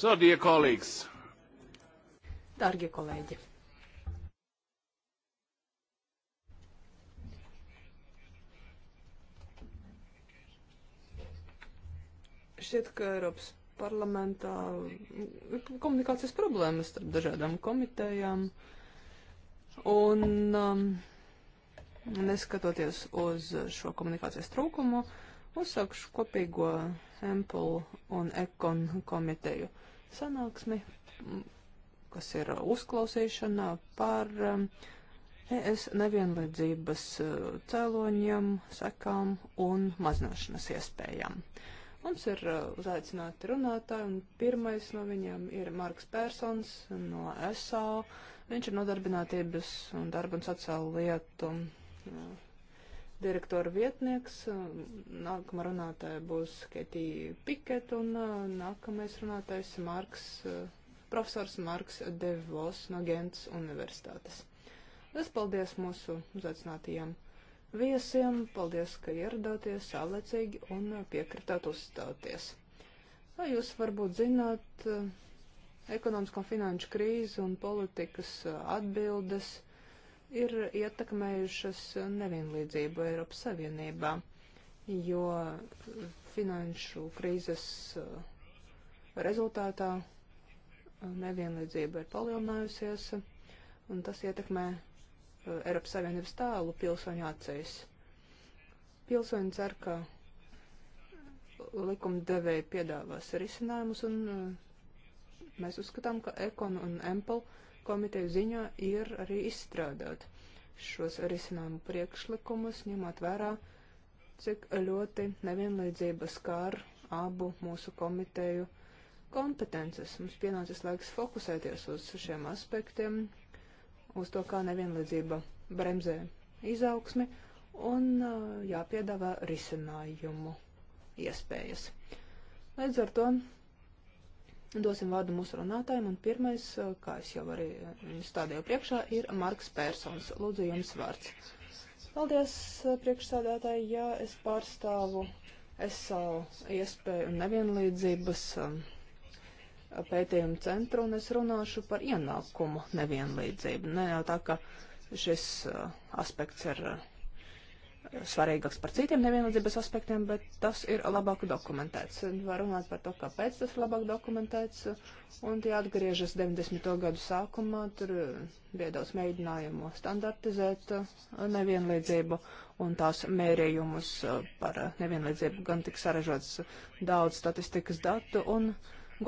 So, dear colleagues. Dargie kolēģi. Šķiet, ka Eiropas parlamentā mm, komunikācijas problēmas starp dažādām komitejām. Un um, neskatoties uz šo komunikācijas trūkumu, uh, Uzsākšu kopīgo Empulu un Ekon komiteju sanāksmi, kas ir uzklausīšana par ES nevienlīdzības e, cēloņiem, sekām un mazināšanas iespējām. Mums ir e, uzaicināti runātāji, un pirmais no viņiem ir Marks Persons no SAO. Viņš ir nodarbinātības un darba un sociālu lietu direktora vietnieks. Nākamā runātāja būs Ketija Piket un uh, nākamais runātājs Marks, uh, profesors Marks Devos no Gents universitātes. Es paldies mūsu uzaicinātajiem viesiem, paldies, ka ieradāties saulēcīgi un piekritāt uzstāties. Jūs varbūt zināt, uh, ekonomisko finanšu krīzi un politikas atbildes ir ietekmējušas nevienlīdzību Eiropas Savienībā, jo finanšu krīzes uh, rezultātā uh, nevienlīdzība ir palielinājusies, un tas ietekmē uh, Eiropas Savienības tēlu pilsoņu acīs. Pilsoņi cer, ka likumdevēji piedāvās risinājumus, un mēs uzskatām, ka Ekon un Empel uh, komiteju ziņā ir arī izstrādāt šos risinājumu priekšlikumus, ņemot vērā, cik ļoti nevienlīdzība skār abu mūsu komiteju kompetences. Mums pienācis laiks fokusēties uz šiem aspektiem, uz to, kā nevienlīdzība bremzē izaugsmi un jāpiedāvā risinājumu iespējas. Līdz ar to Dosim vārdu mūsu runātājiem, un pirmais, eh, kā es jau arī eh, stādīju priekšā, ir Marks Persons. Lūdzu, jums vārds. Paldies, eh, priekšsādātāji, ja es pārstāvu es savu iespēju un nevienlīdzības pētījumu centru, un es runāšu par ienākumu nevienlīdzību. Ne jau tā, ka šis aspekts ir svarīgāks par citiem nevienlīdzības aspektiem, bet tas ir labāk dokumentēts. Var runāt par to, kāpēc tas ir labāk dokumentēts, un tie atgriežas 90. gadu sākumā, tur bija eh, daudz mēģinājumu standartizēt eh, nevienlīdzību, un tās mērījumus eh, par nevienlīdzību gan tik sarežots daudz statistikas datu, un,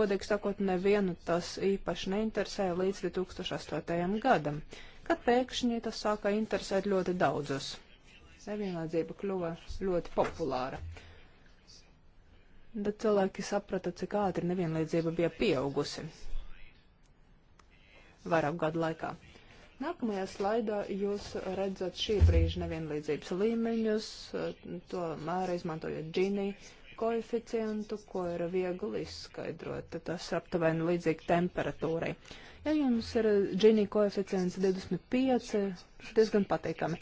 godīgi sakot, nevienu tas īpaši neinteresēja līdz 2008. gadam, kad pēkšņi tas sāka interesēt ļoti daudzus nevienlādzība kļuva ļoti populāra. Bet cilvēki saprata, cik ātri nevienlīdzība bija pieaugusi vairāk gadu laikā. Nākamajā slaidā jūs redzat šī brīža nevienlīdzības līmeņus, to mēra izmantojot džinī koeficientu, ko ir viegli izskaidrot. Tas ir aptuveni līdzīgi temperatūrai. Ja jums ir džinī koeficients 25, diezgan patīkami.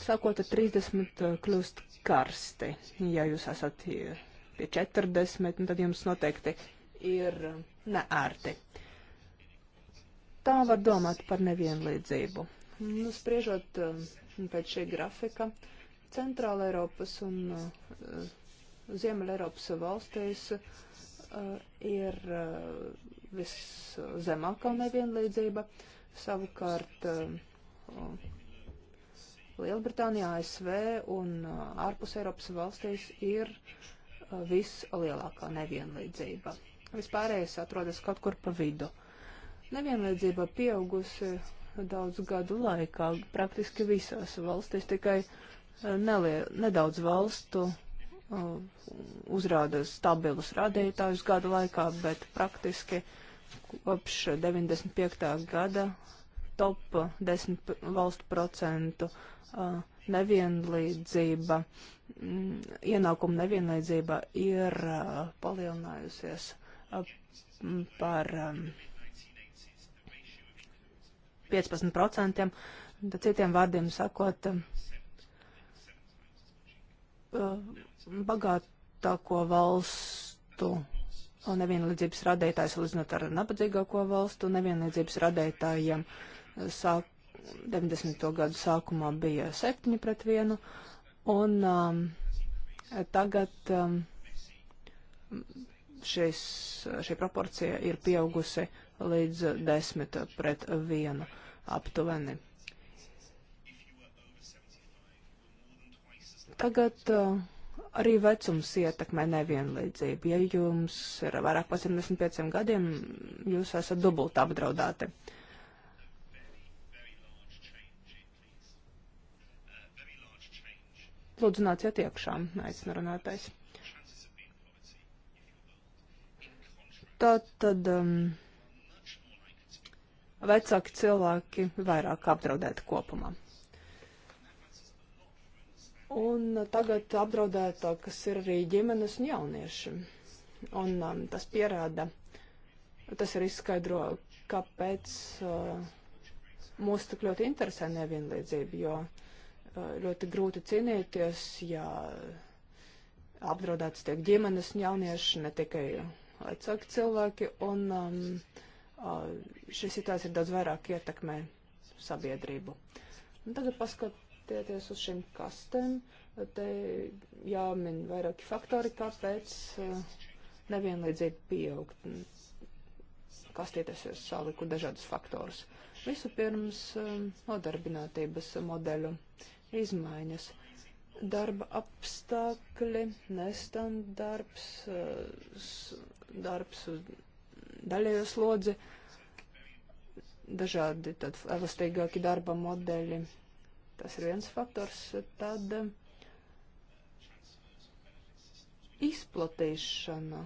Sākot ar 30 eh, kļūst karsti. Ja jūs esat pie 40, nu, tad jums noteikti ir eh, neērti. Tā var domāt par nevienlīdzību. Nu, spriežot eh, pēc šī grafika, Centrāla Eiropas un Ziemeļa Eiropas valstīs ir viszemākā nevienlīdzība. Savukārt Lielbritānijā, ASV un uh, ārpus Eiropas valstīs ir uh, vislielākā nevienlīdzība. Vispārējais atrodas kaut kur pa vidu. Nevienlīdzība pieaugusi daudz gadu laikā, praktiski visās valstīs, tikai uh, nelie, nedaudz valstu uh, uzrāda stabilus rādītājus gadu laikā, bet praktiski kopš 95. gada top 10 valstu procentu nevienlīdzība, mm, ienākuma nevienlīdzība ir palielinājusies par 15%. Tad citiem vārdiem sakot, bagātāko valstu nevienlīdzības radītājs, salīdzinot ar nabadzīgāko valstu nevienlīdzības radītājiem. Uh, sāk, 90. gadu sākumā bija 7 pret 1, un um, tagad um, šis, šī proporcija ir pieaugusi līdz 10 pret 1 aptuveni. Tagad uh, arī vecums ietekmē nevienlīdzību. Ja jums ir vairāk par 75 gadiem, jūs esat dubult apdraudēti. Uh, Lūdzu, nāciet iekšā, aicinu runātais. Tā tad um, vecāki cilvēki vairāk apdraudēti kopumā. Un tagad apdraudētākas ir arī ģimenes un jaunieši. Un um, tas pierāda, tas arī izskaidro, kāpēc uh, mūs tik ļoti interesē nevienlīdzība, jo uh, ļoti grūti cīnīties, ja apdraudētas tiek ģimenes un jaunieši, ne tikai vecāki cilvēki, un um, šis situācija ir daudz vairāk ietekmē sabiedrību. Un tagad paskatieties uz šīm kastēm, te jāmin vairāki faktori, kāpēc nevienlīdzība pieaug. Kastīties es saliku dažādus faktorus. Visu pirms nodarbinātības modeļu izmaiņas. Darba apstākļi, nestandarbs, eh, darbs uz daļējo slodzi, dažādi tad elastīgāki darba modeļi. Tas ir viens faktors. Tad eh, izplatīšana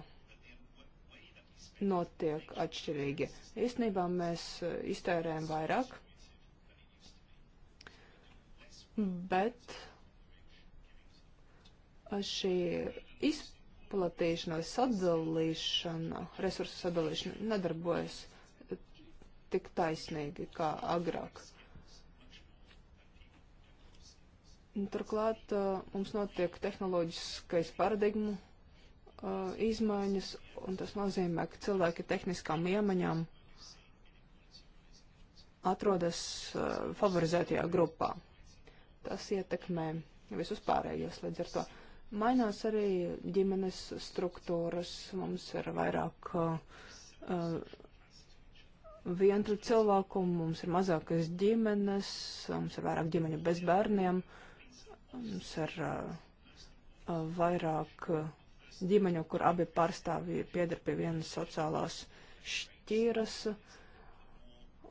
notiek atšķirīgi. Īstenībā mēs eh, iztērējam vairāk bet šī izplatīšanās, sadalīšana, resursu sadalīšana nedarbojas tik taisnīgi kā agrāk. Turklāt uh, mums notiek tehnoloģiskais paradigmu uh, izmaiņas, un tas nozīmē, ka cilvēki tehniskām iemaņām atrodas uh, favorizētajā grupā tas ietekmē visus pārējos līdz ar to. Mainās arī ģimenes struktūras, mums ir vairāk uh, vientru cilvēku, mums ir mazākas ģimenes, mums ir vairāk ģimeņu bez bērniem, mums ir uh, vairāk uh, ģimeņu, kur abi pārstāvji piedar pie vienas sociālās šķīras.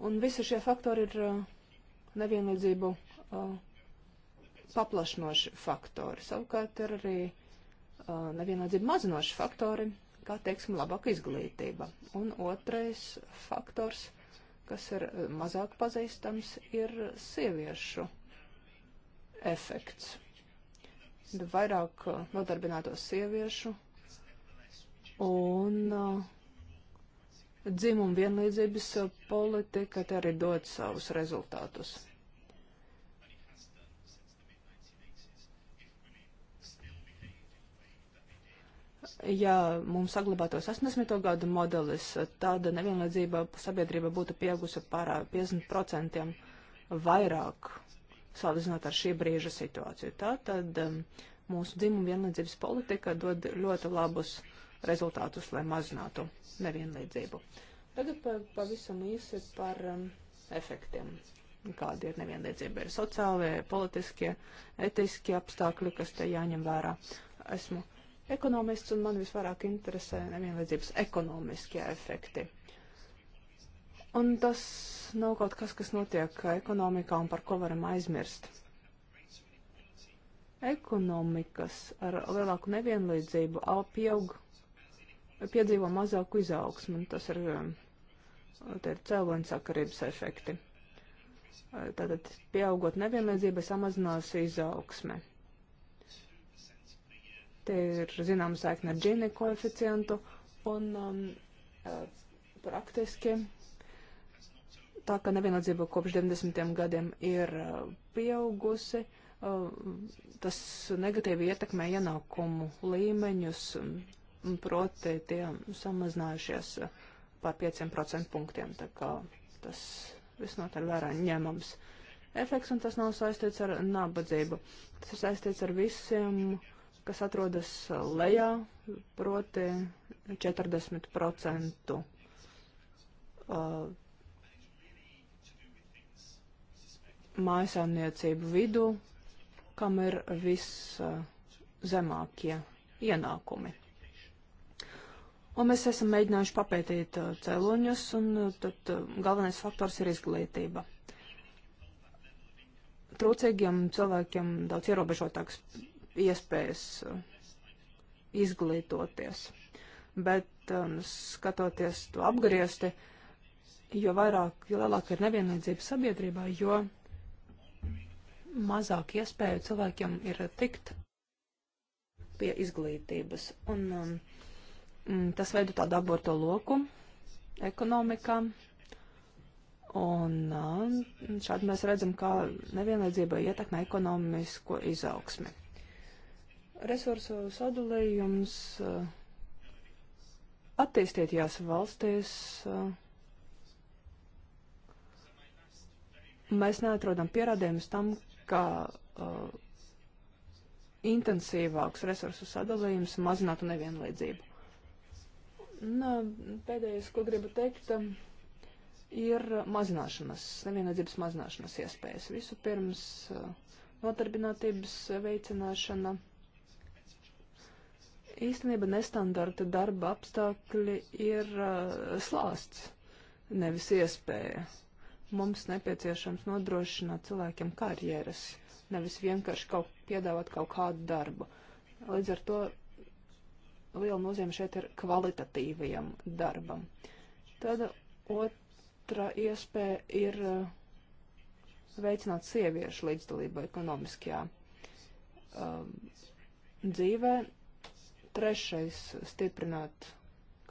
Un visi šie faktori ir uh, nevienlīdzību uh, paplašinoši faktori. Savukārt ir arī uh, nevienlīdzība mazinoši faktori, kā, teiksim, labāka izglītība. Un otrais faktors, kas ir mazāk pazīstams, ir sieviešu efekts. Vairāk nodarbināto sieviešu un uh, dzimuma vienlīdzības politika te arī dod savus rezultātus. ja mums saglabātos 80. gadu modelis, tāda nevienlīdzība sabiedrība būtu pieaugusi par 50% vairāk salīdzinot ar šī brīža situāciju. Tātad um, mūsu dzimuma vienlīdzības politika dod ļoti labus rezultātus, lai mazinātu nevienlīdzību. Tagad pavisam īsi par um, efektiem kādi ir nevienlīdzība, ir sociālie, politiskie, etiskie apstākļi, kas te jāņem vērā. Esmu ekonomists, un man visvairāk interesē nevienlīdzības ekonomiskie efekti. Un tas nav kaut kas, kas notiek ekonomikā un par ko varam aizmirst. Ekonomikas ar lielāku nevienlīdzību pieaug, piedzīvo mazāku izaugsmu, un tas ir, um, ir cēloņa sakarības efekti. Tātad, pieaugot nevienlīdzībai, samazinās izaugsme. Te ir zināma saikne ar džini koeficientu un um, uh, praktiski tā, ka nevienlīdzība kopš 90. gadiem ir uh, pieaugusi. Uh, tas negatīvi ietekmē ienākumu līmeņus, um, proti tie samazinājušies par 5% punktiem, tā kā tas visnotaļ vērā ņemams efekts, un tas nav saistīts ar nabadzību. Tas ir saistīts ar visiem uh, kas atrodas lejā, proti 40% mājasāmniecību vidū, kam ir viszemākie ienākumi. Un mēs esam mēģinājuši papētīt cēloņus, un tad galvenais faktors ir izglītība. Trūcīgiem cilvēkiem daudz ierobežotāks iespējas uh, izglītoties. Bet um, skatoties to apgriezti, jo vairāk, jo lielāka ir nevienlīdzība sabiedrībā, jo mazāk iespēju cilvēkiem ir tikt pie izglītības. Un um, mm, tas veido tādu aborto loku ekonomikā. Un um, šādi mēs redzam, kā nevienlīdzība ietekmē ekonomisko izaugsmi resursu sadalījums eh, attīstītajās valstīs. Eh, mēs neatrodam pierādījumus tam, ka uh, intensīvāks resursu sadalījums mazinātu nevienlīdzību. Un, uh, pēdējais, ko gribu teikt, ir mazināšanas, nevienlīdzības mazināšanas iespējas. Visu pirms uh, notarbinātības veicināšana. Uh, īstenībā nestandarta darba apstākļi ir uh, slāsts, nevis iespēja. Mums nepieciešams nodrošināt cilvēkiem karjeras, nevis vienkārši kaut, piedāvāt kaut kādu darbu. Līdz ar to liela nozīme šeit ir kvalitatīvajam darbam. Tad otra iespēja ir uh, veicināt sieviešu līdzdalību ekonomiskajā um, dzīvē, Trešais - stiprināt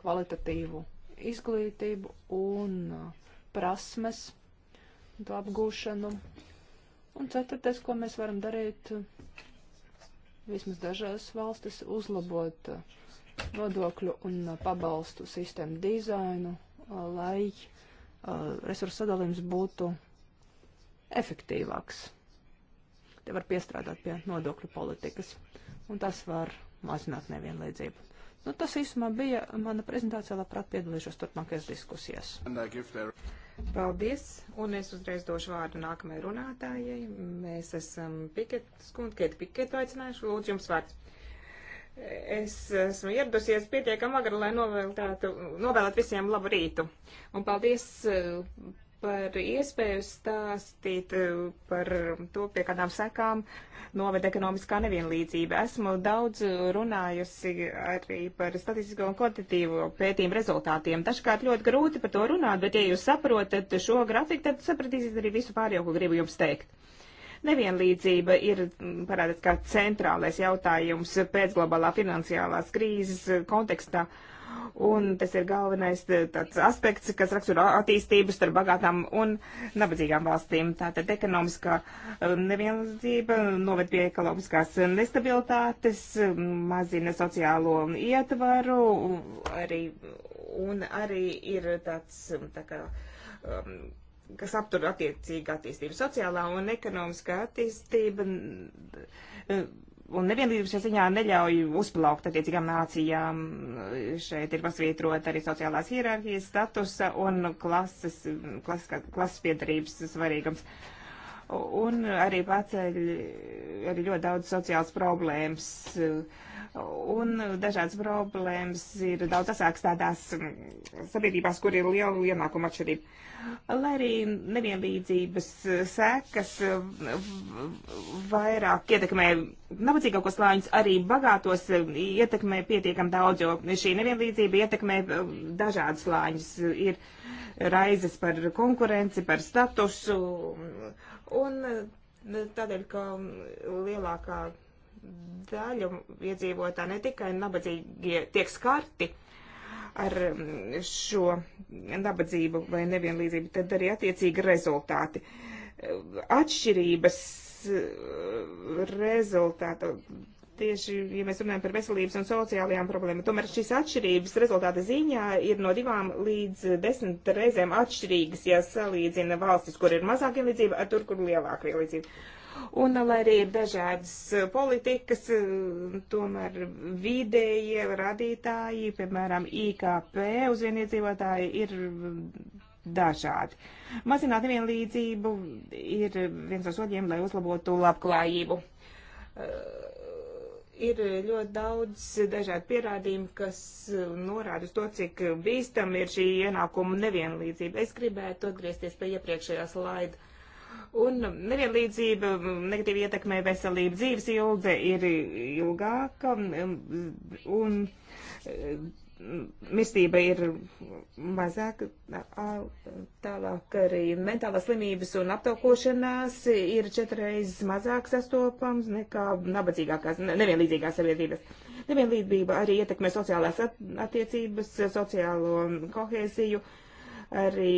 kvalitatīvu izglītību un uh, prasmes, to apgūšanu. Un ceturtais, ko mēs varam darīt, uh, vismaz dažās valstis, uzlabot uh, nodokļu un pabalstu sistēmu dizainu, lai uh, resursu sadalījums būtu efektīvāks. Te var piestrādāt pie nodokļu politikas, un tas var mazināt nevienlīdzību. Nu, tas īsumā bija mana prezentācija, labprāt piedalīšos turpmākajās diskusijās. Paldies, un es uzreiz došu vārdu nākamajai runātājai. Mēs esam Piket, skundkiet Piketu aicinājuši, lūdzu jums vārds. Es esmu ieradusies pietiekam agri, lai novēlētu, novēlētu visiem labu rītu. Un paldies par iespēju stāstīt eh, par to, pie kādām sekām noved ekonomiskā nevienlīdzība. Esmu daudz runājusi arī par statistisko un kvalitatīvo pētījumu rezultātiem. Dažkārt ļoti grūti par to runāt, bet ja jūs saprotat šo grafiku, tad sapratīsiet arī visu pārējo, ko gribu jums teikt nevienlīdzība ir mm, parādīts kā centrālais jautājums pēc globālā finansiālās krīzes kontekstā. Un tas ir galvenais tāds aspekts, kas raksturo attīstību starp bagātām un nabadzīgām valstīm. Tātad ekonomiskā um, nevienlīdzība noved pie ekonomiskās nestabilitātes, mazina sociālo ietvaru, arī, un arī ir tāds, tā kā, um, kas aptur attiecīgi attīstību sociālā un ekonomiskā attīstība. Um, un nevienlīdzība šajā ziņā neļauj uzplaukt attiecīgām nācijām. Šeit ir pasvītrot arī sociālās hierarhijas statusa un klases, klases, klases piedarības svarīgums. Uh, un arī paceļ arī ļoti daudz sociāls problēmas. Un dažādas problēmas ir daudz asāks tādās mm, sabiedrībās, kur ir liela ienākuma atšķirība. Lai arī nevienlīdzības sekas vairāk ietekmē nabadzīgākos slāņus, arī bagātos ietekmē pietiekam daudz, jo šī nevienlīdzība ietekmē dažādas slāņus. Ir raizes par konkurenci, par statusu Un eh, tādēļ, ka lielākā daļa iedzīvotā ne tikai nabadzīgie tiek skarti ar mm, šo nabadzību vai nevienlīdzību, tad arī attiecīgi rezultāti. Eh, atšķirības eh, rezultāta tieši, ja mēs runājam par veselības un sociālajām problēmām. Tomēr šīs atšķirības rezultāta ziņā ir no divām līdz desmit reizēm atšķirīgas, ja salīdzina valstis, kur ir mazāk vienlīdzība, ar tur, kur lielāka vienlīdzība. Un, lai arī ir dažādas politikas, tomēr vidējie radītāji, piemēram, IKP uz vieniedzīvotāju ir dažādi. Mazināt nevienlīdzību ir viens no soļiem, lai uzlabotu labklājību. Uh, ir ļoti daudz dažādu pierādījumu, kas norāda uz to, cik bīstam ir šī ienākuma nevienlīdzība. Es gribētu atgriezties pie iepriekšējā slaida. Un nevienlīdzība negatīvi ietekmē veselību. Dzīves ilgze ir ilgāka un mirstība ir mazāk, tālāk arī mentālās slimības un aptaukošanās ir četreiz mazāk sastopams nekā nabadzīgākās, nevienlīdzīgās sabiedrības. Nevienlīdzība arī ietekmē sociālās attiecības, sociālo kohēziju, arī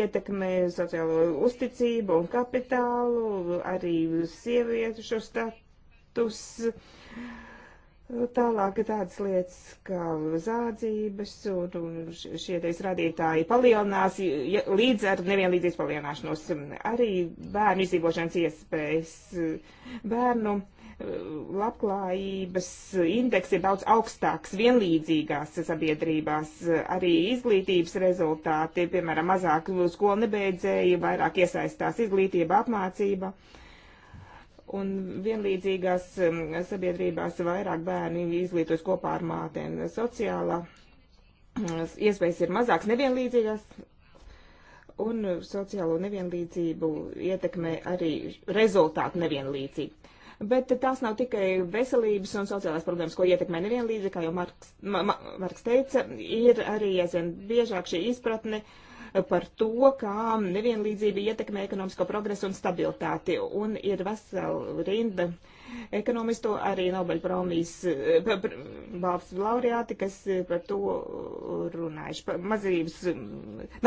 ietekmē sociālo uzticību un kapitālu, arī sieviešu status. Uh, Tālāk ir tādas lietas kā zādzības, un, un šie teiks radītāji palielinās ja, līdz ar nevienlīdzības palielināšanos. Arī bērnu izdzīvošanas iespējas, bērnu eh, labklājības indeks ir daudz augstāks vienlīdzīgās sabiedrībās, arī izglītības rezultāti, piemēram, mazāk skolnebeidzēji, vairāk iesaistās izglītība, apmācība. Uh, Un vienlīdzīgās um, sabiedrībās vairāk bērni izglītojas kopā ar mātēm. Sociālā um, iespējas ir mazākas nevienlīdzīgās, un sociālo nevienlīdzību ietekmē arī rezultātu nevienlīdzību. Bet tās nav tikai veselības un sociālās problēmas, ko ietekmē nevienlīdzība, kā jau Marks, Ma, Ma, Marks teica, ir arī aizvien biežāk šī izpratne uh, par to, kā nevienlīdzība ietekmē ekonomisko progresu un stabilitāti. Un ir vesela rinda ekonomistu, arī Nobelpromijas balvas laureāti, kas par to runājuši. Par mazības,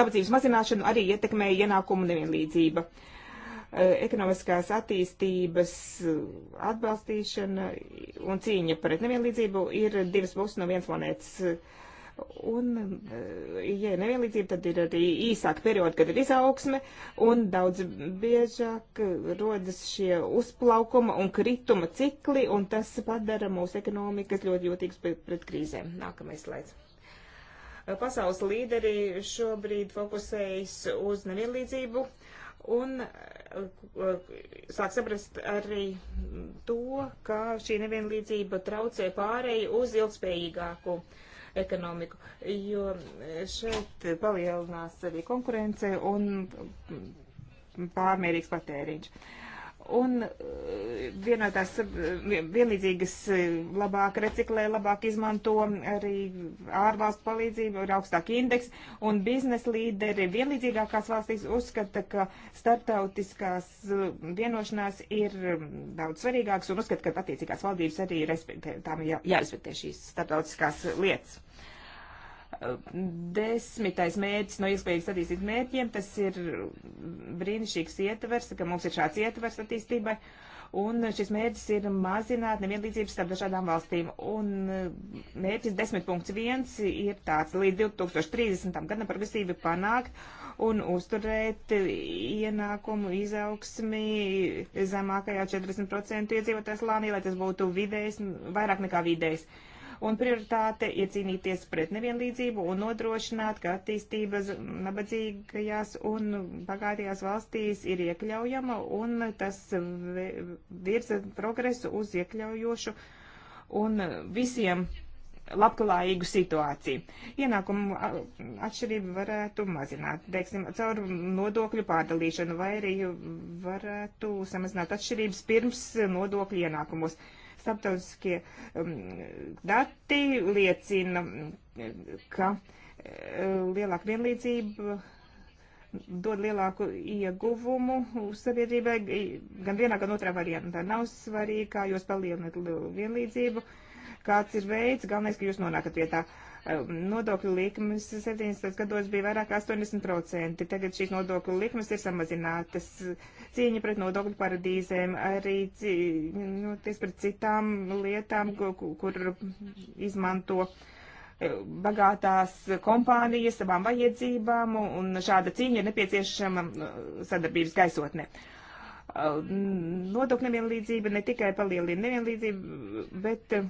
nabadzības mazināšanu arī ietekmē ienākumu nevienlīdzība. Ekonomiskās attīstības atbalstīšana un cīņa pret nevienlīdzību ir divas puses no vienas monētas Un, e, ja ir nevienlīdzība, tad ir arī īsāka perioda, kad ir izaugsme, un daudz biežāk rodas šie uzplaukuma un krituma cikli, un tas padara mūsu ekonomikas ļoti jūtīgas pret, pret krīzēm. Nākamais slaids. Pasaules līderi šobrīd fokusējas uz nevienlīdzību, un e, sāk saprast arī to, ka šī nevienlīdzība traucē pārēju uz ilgspējīgāku uh, ekonomiku, jo šeit palielinās arī konkurence un pārmērīgs patēriņš. Uh, Un eh, vienotās eh, vienlīdzīgas eh, labāk reciklē, labāk izmanto arī ārvalstu palīdzību, ir augstāk indeks, un biznesa līderi vienlīdzīgākās valstīs uzskata, ka startautiskās vienošanās ir mm, daudz svarīgāks, un uzskata, ka attiecīgās valdības arī respektē, tām jā, jārespektē šīs startautiskās lietas. Desmitais mērķis no iespējas attīstīt mērķiem, tas ir brīnišķīgs ietvers, ka mums ir šāds ietvers attīstībai. Un šis mērķis ir mazināt nevienlīdzības starp dažādām valstīm. Un eh, mērķis 10.1 ir tāds līdz 2030. gadam progresīvi panākt un uzturēt ienākumu izaugsmi zemākajā 40% iedzīvotājs lānī, lai tas būtu vidējs, vairāk nekā vidējs. Uh, un prioritāte ir cīnīties pret nevienlīdzību un nodrošināt, ka attīstības nabadzīgajās un bagātajās valstīs ir iekļaujama un tas virza progresu uz iekļaujošu un visiem labklājīgu situāciju. Ienākumu atšķirību varētu mazināt, teiksim, caur nodokļu pārdalīšanu vai arī varētu samazināt atšķirības pirms nodokļu ienākumos. Uh, starptautiskie um, dati liecina, ka uh, lielāka vienlīdzība dod lielāku ieguvumu sabiedrībai gan vienā, gan otrā variantā. Nav svarīgi, kā jūs palielinat vienlīdzību, kāds ir veids, galvenais, ka jūs nonākat pie tā. Uh, Nodokļu likmes 70. gados bija vairāk 80%, tagad šīs nodokļu likmes ir samazinātas. Cīņa pret nodokļu paradīzēm, arī cīņoties nu, pret citām lietām, kur izmanto e, bagātās kompānijas savām vajadzībām, un šāda cīņa ir nepieciešama e, sadarbības gaisotnē. Ne. Nodokļu nevienlīdzība ne tikai palielina nevienlīdzību, bet eh,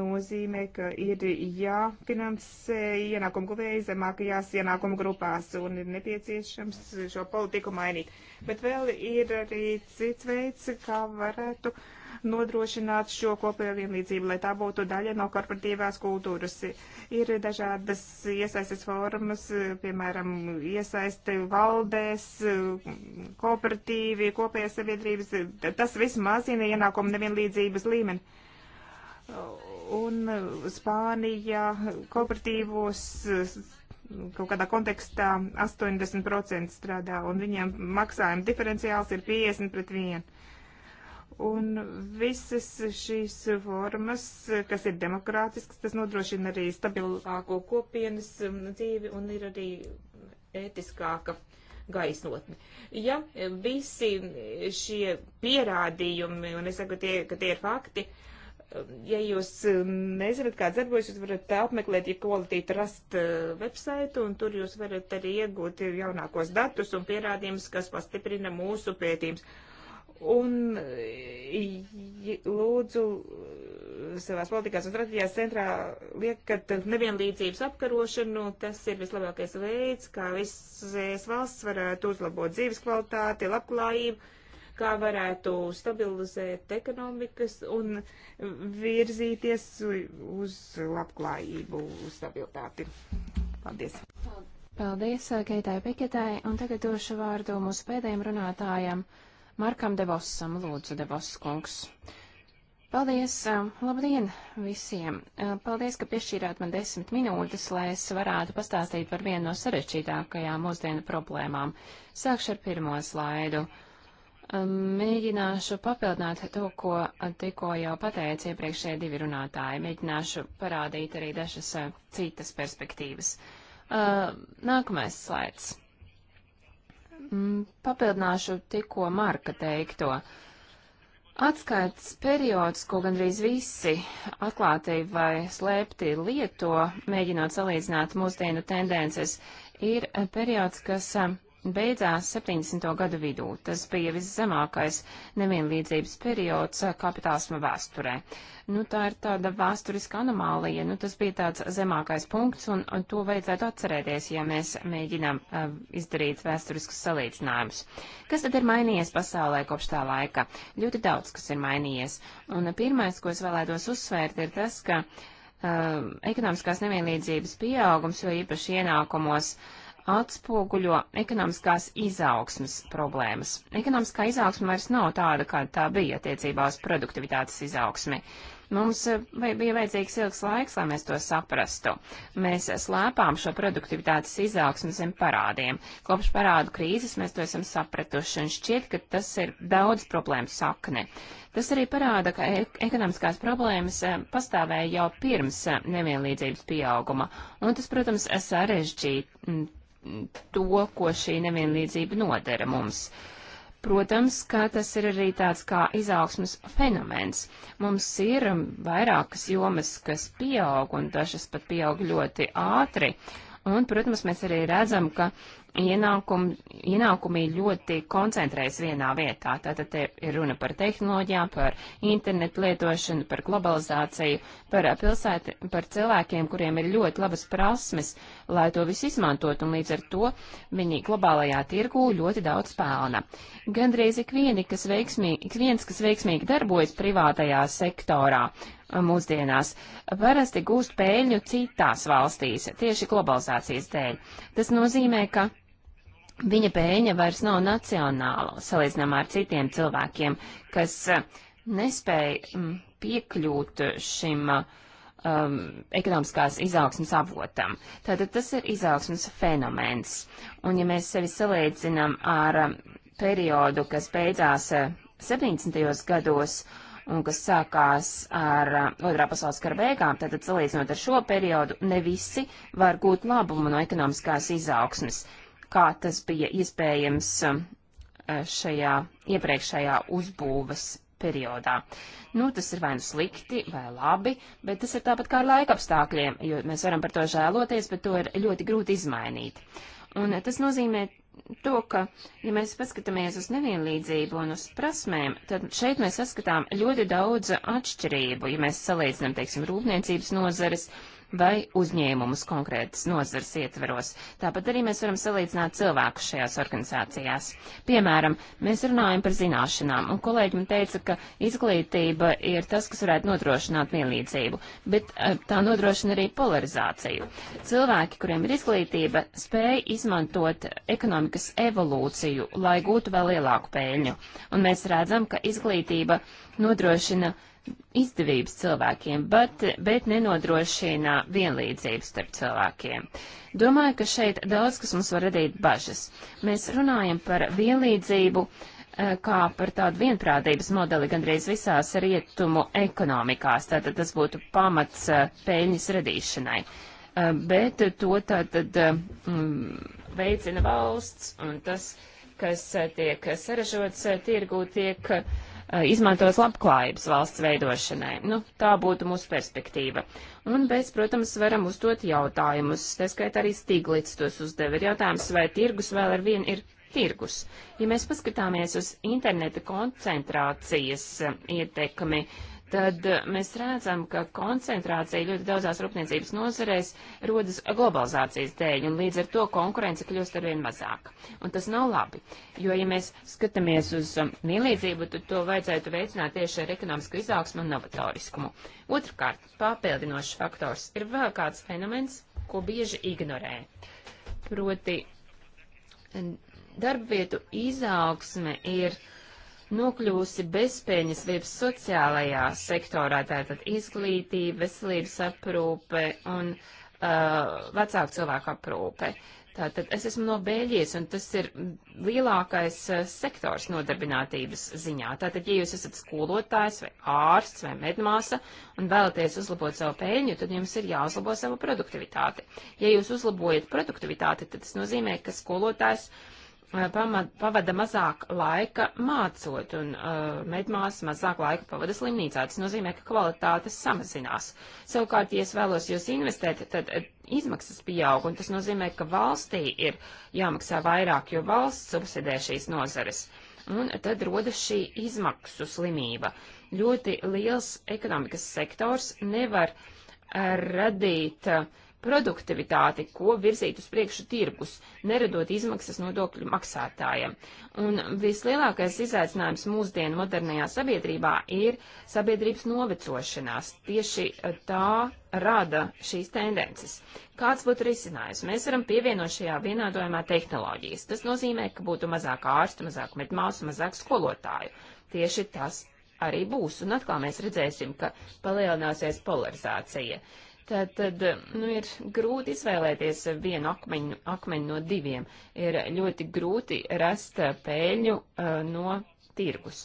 nozīmē, ka ir jāfinansē ienākumu guvēji zemākajās ienākumu grupās un ir nepieciešams šo politiku mainīt. Bet vēl ir arī cits veids, kā varētu uh, nodrošināt šo kopējo vienlīdzību, lai tā būtu daļa no korporatīvās kultūras. Ir dažādas iesaistes formas, piemēram, iesaisti valdēs, kooperatīvi, kopējās sabiedrības. Tas viss mazina ienākumu nevienlīdzības līmeni un Spānija kooperatīvos kaut kādā kontekstā 80% strādā, un viņiem maksājuma diferenciāls ir 50 pret 1. Un visas šīs formas, kas ir demokrātiskas, tas nodrošina arī stabilāko kopienas um, dzīvi un ir arī ētiskāka gaisotne. Ja visi šie pierādījumi, un es saku, tie, ka tie ir fakti, um, ja jūs um, nezināt, kā darbojas, jūs varat apmeklēt, ja kvalitīvi rast uh, websaitu, un tur jūs varat arī iegūt jaunākos datus un pierādījumus, kas pastiprina mūsu pētījumus. Un lūdzu savās politikās un strateģijās centrā liekat nevienlīdzības apkarošanu. Tas ir vislabākais veids, kā visas valsts varētu uzlabot dzīves kvalitāti, labklājību kā varētu stabilizēt ekonomikas un virzīties uz labklājību, uz stabilitāti. Paldies! Paldies, Keitai Piketai, un tagad došu vārdu mūsu pēdējiem runātājiem. Markam Devosam. Lūdzu, Devos kungs. Paldies! Labdien visiem! Paldies, ka piešķīrāt man desmit minūtes, lai es varētu pastāstīt par vienu no sarežģītākajām mūsdienu problēmām. Sākšu ar pirmo slaidu. Mēģināšu papildināt to, ko tikko jau pateica iepriekšējie divi runātāji. Mēģināšu parādīt arī dažas citas perspektīvas. Nākamais slaids. Mm, papildināšu tikko Marka teikto. Atskaits periods, ko gandrīz visi atklāti vai slēpti lieto, mēģinot salīdzināt mūsdienu tendences, ir periods, kas beidzās 70. gadu vidū. Tas bija viszemākais nevienlīdzības periods eh, kapitālisma vēsturē. Nu, tā ir tāda vēsturiska anomālija, nu, tas bija tāds zemākais punkts, un, un to vajadzētu atcerēties, ja mēs mēģinām uh, izdarīt vēsturiskus salīdzinājumus. Kas tad ir mainījies pasaulē kopš tā laika? Ļoti daudz, kas ir mainījies. Un pirmais, ko es vēlētos uzsvērt, ir tas, ka uh, ekonomiskās nevienlīdzības pieaugums, jo īpaši ienākumos, uh, atspoguļo ekonomiskās izaugsmas problēmas. Ekonomiskā izaugsma vairs nav tāda, kāda tā bija attiecībā uz produktivitātes izaugsmi. Mums eh, bija vajadzīgs ilgs laiks, lai mēs to saprastu. Mēs slēpām šo produktivitātes izaugsmu zem parādiem. Kopš parādu krīzes mēs to esam sapratuši un šķiet, ka tas ir daudz problēmu sakne. Tas arī parāda, ka e-, ekonomiskās problēmas eh, pastāvēja jau pirms eh, nevienlīdzības pieauguma, un tas, protams, sarežģīja to, ko šī nevienlīdzība nodara mums. Protams, ka tas ir arī tāds kā izaugsmas fenomens. Mums ir vairākas jomas, kas pieaug, un dažas pat pieaug ļoti ātri. Un, protams, mēs arī redzam, ka ienākumi, ienākumi ļoti koncentrējas vienā vietā. Tātad te ir runa par tehnoloģijām, par internetu lietošanu, par globalizāciju, par uh, pilsēti, par cilvēkiem, kuriem ir ļoti labas prasmes, lai to visu izmantot, un līdz ar to viņi globālajā tirgū ļoti daudz pelna. Gandrīz ik, vieni, kas veiksmīgi, ik viens, kas veiksmīgi darbojas privātajā sektorā, uh, mūsdienās parasti gūst pēļņu citās valstīs, tieši globalizācijas dēļ. Tas nozīmē, ka viņa pēļņa vairs nav nacionāla, salīdzinām ar citiem cilvēkiem, kas eh, nespēja mm, piekļūt šim eh, um, ekonomiskās izaugsmas avotam. Tātad tas ir izaugsmas fenomens. Un ja mēs sevi salīdzinām ar eh, periodu, kas beidzās 70. gados un kas sākās ar otrā pasaules kara beigām, tātad salīdzinot ar šo periodu, ne visi var gūt labumu no ekonomiskās izaugsmes kā tas bija iespējams um, uh, šajā iepriekšējā uzbūves periodā. Nu, tas ir vai nu slikti, vai labi, bet tas ir tāpat kā ar laikapstākļiem, jo mēs varam par to žēloties, bet to ir ļoti grūti izmainīt. Un uh, tas nozīmē to, ka, ja mēs paskatāmies uz nevienlīdzību un uz prasmēm, tad šeit mēs saskatām ļoti daudz atšķirību, ja mēs salīdzinām, teiksim, rūpniecības nozares, uh, vai uzņēmumus konkrētas nozars ietveros. Tāpat arī mēs varam salīdzināt cilvēkus šajās organizācijās. Piemēram, mēs runājam par zināšanām, un kolēģi man teica, ka izglītība ir tas, kas varētu nodrošināt vienlīdzību, bet eh, tā nodrošina arī polarizāciju. Cilvēki, kuriem ir izglītība, spēj izmantot ekonomikas evolūciju, lai gūtu vēl lielāku pēļņu, un mēs redzam, ka izglītība nodrošina uh, izdevības cilvēkiem, bet, bet nenodrošina vienlīdzību starp cilvēkiem. Domāju, ka šeit daudz kas mums var radīt bažas. Mēs runājam par vienlīdzību eh, kā par tādu vienprātības modeli gandrīz visās rietumu ekonomikās, tātad tas būtu pamats eh, peļņas radīšanai. Eh, bet to tātad mm, veicina valsts un tas, kas tiek saražots tirgū, tiek uh, Eh, izmantos labklājības valsts veidošanai. Nu, tā būtu mūsu perspektīva. Un bez, protams, varam uzdot jautājumus. Tā skaitā arī Stiglits tos uzdeva. Ir jautājums, vai tirgus vēl ar vienu ir tirgus. Ja mēs paskatāmies uz interneta koncentrācijas eh, ietekmi, uh, tad eh, mēs redzam, ka koncentrācija ļoti daudzās rūpniecības nozarēs rodas globalizācijas dēļ, un līdz ar to konkurence kļūst arvien mazāka. Un tas nav labi, jo, ja mēs skatāmies uz um, vienlīdzību, tad to vajadzētu veicināt tieši ar ekonomisku izaugsmu un novatoriskumu. Otrkārt, papildinošs faktors ir vēl kāds fenomens, ko bieži ignorē. Proti, darba vietu izaugsme ir nokļūsi bezpēļņas liepas sociālajā sektorā, tātad izglītība, veselības aprūpe un uh, vecāku cilvēku aprūpe. Tātad es esmu no Bēļģijas, un tas ir lielākais uh, sektors nodarbinātības ziņā. Tātad, ja jūs esat skolotājs vai ārsts vai medmāsa un vēlaties uzlabot savu peļņu, tad jums ir jāuzlabo savu produktivitāti. Ja jūs uzlabojat produktivitāti, tad tas nozīmē, ka skolotājs uh, pamat, pavada mazāk laika mācot, un uh, medmās mazāk laika pavada slimnīcā. Tas nozīmē, ka kvalitātes samazinās. Savukārt, ja es vēlos jūs investēt, tad izmaksas pieaug, un tas nozīmē, ka valstī ir jāmaksā vairāk, jo valsts subsidē šīs nozares. Un tad rodas šī izmaksu slimība. Ļoti liels ekonomikas sektors nevar radīt uh, produktivitāti, ko virzīt uz priekšu tirgus, neredot izmaksas nodokļu maksātājiem. Un vislielākais izaicinājums mūsdienu modernajā sabiedrībā ir sabiedrības novecošanās. Tieši eh, tā rada šīs tendences. Kāds būtu risinājums? Mēs varam pievienot šajā vienādojumā tehnoloģijas. Tas nozīmē, ka būtu mazāk ārstu, mazāk medmāsu, mazāk skolotāju. Tieši tas arī būs, un atkal mēs redzēsim, ka palielināsies polarizācija. Uh, Tātad, nu, ir grūti izvēlēties vienu akmeņu, akmeņu no diviem. Ir ļoti grūti rast pēļņu uh, no tirgus.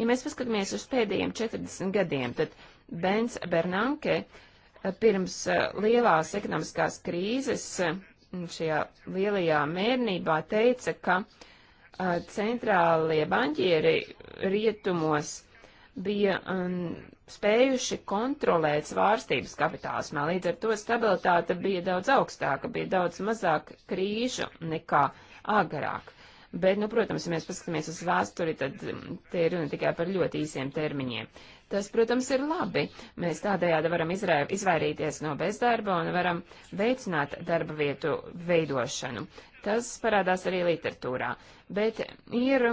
Ja mēs paskatāmies uz pēdējiem 40 gadiem, tad Bens Bernanke uh, pirms uh, lielās ekonomiskās krīzes uh, šajā lielajā mērnībā teica, ka uh, centrālie banķieri rietumos bija um, spējuši kontrolēt svārstības kapitāla smā. Līdz ar to stabilitāte bija daudz augstāka, bija daudz mazāk krīžu nekā agrāk. Bet, nu, protams, ja mēs paskatāmies uz vēsturi, tad um, te ir runa tikai par ļoti īsiem termiņiem. Tas, protams, ir labi. Mēs tādējādi varam izrē, izvairīties no bezdarba un varam veicināt darba vietu veidošanu. Tas parādās arī literatūrā. Bet ir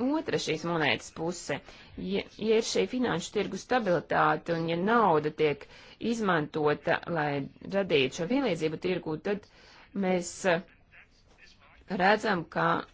otra šīs monētas puse. Ja, ja ir šī finanšu tirgu stabilitāte un ja nauda tiek izmantota, lai radītu šo vienlīdzību tirgu, tad mēs eh, redzam, ka uh,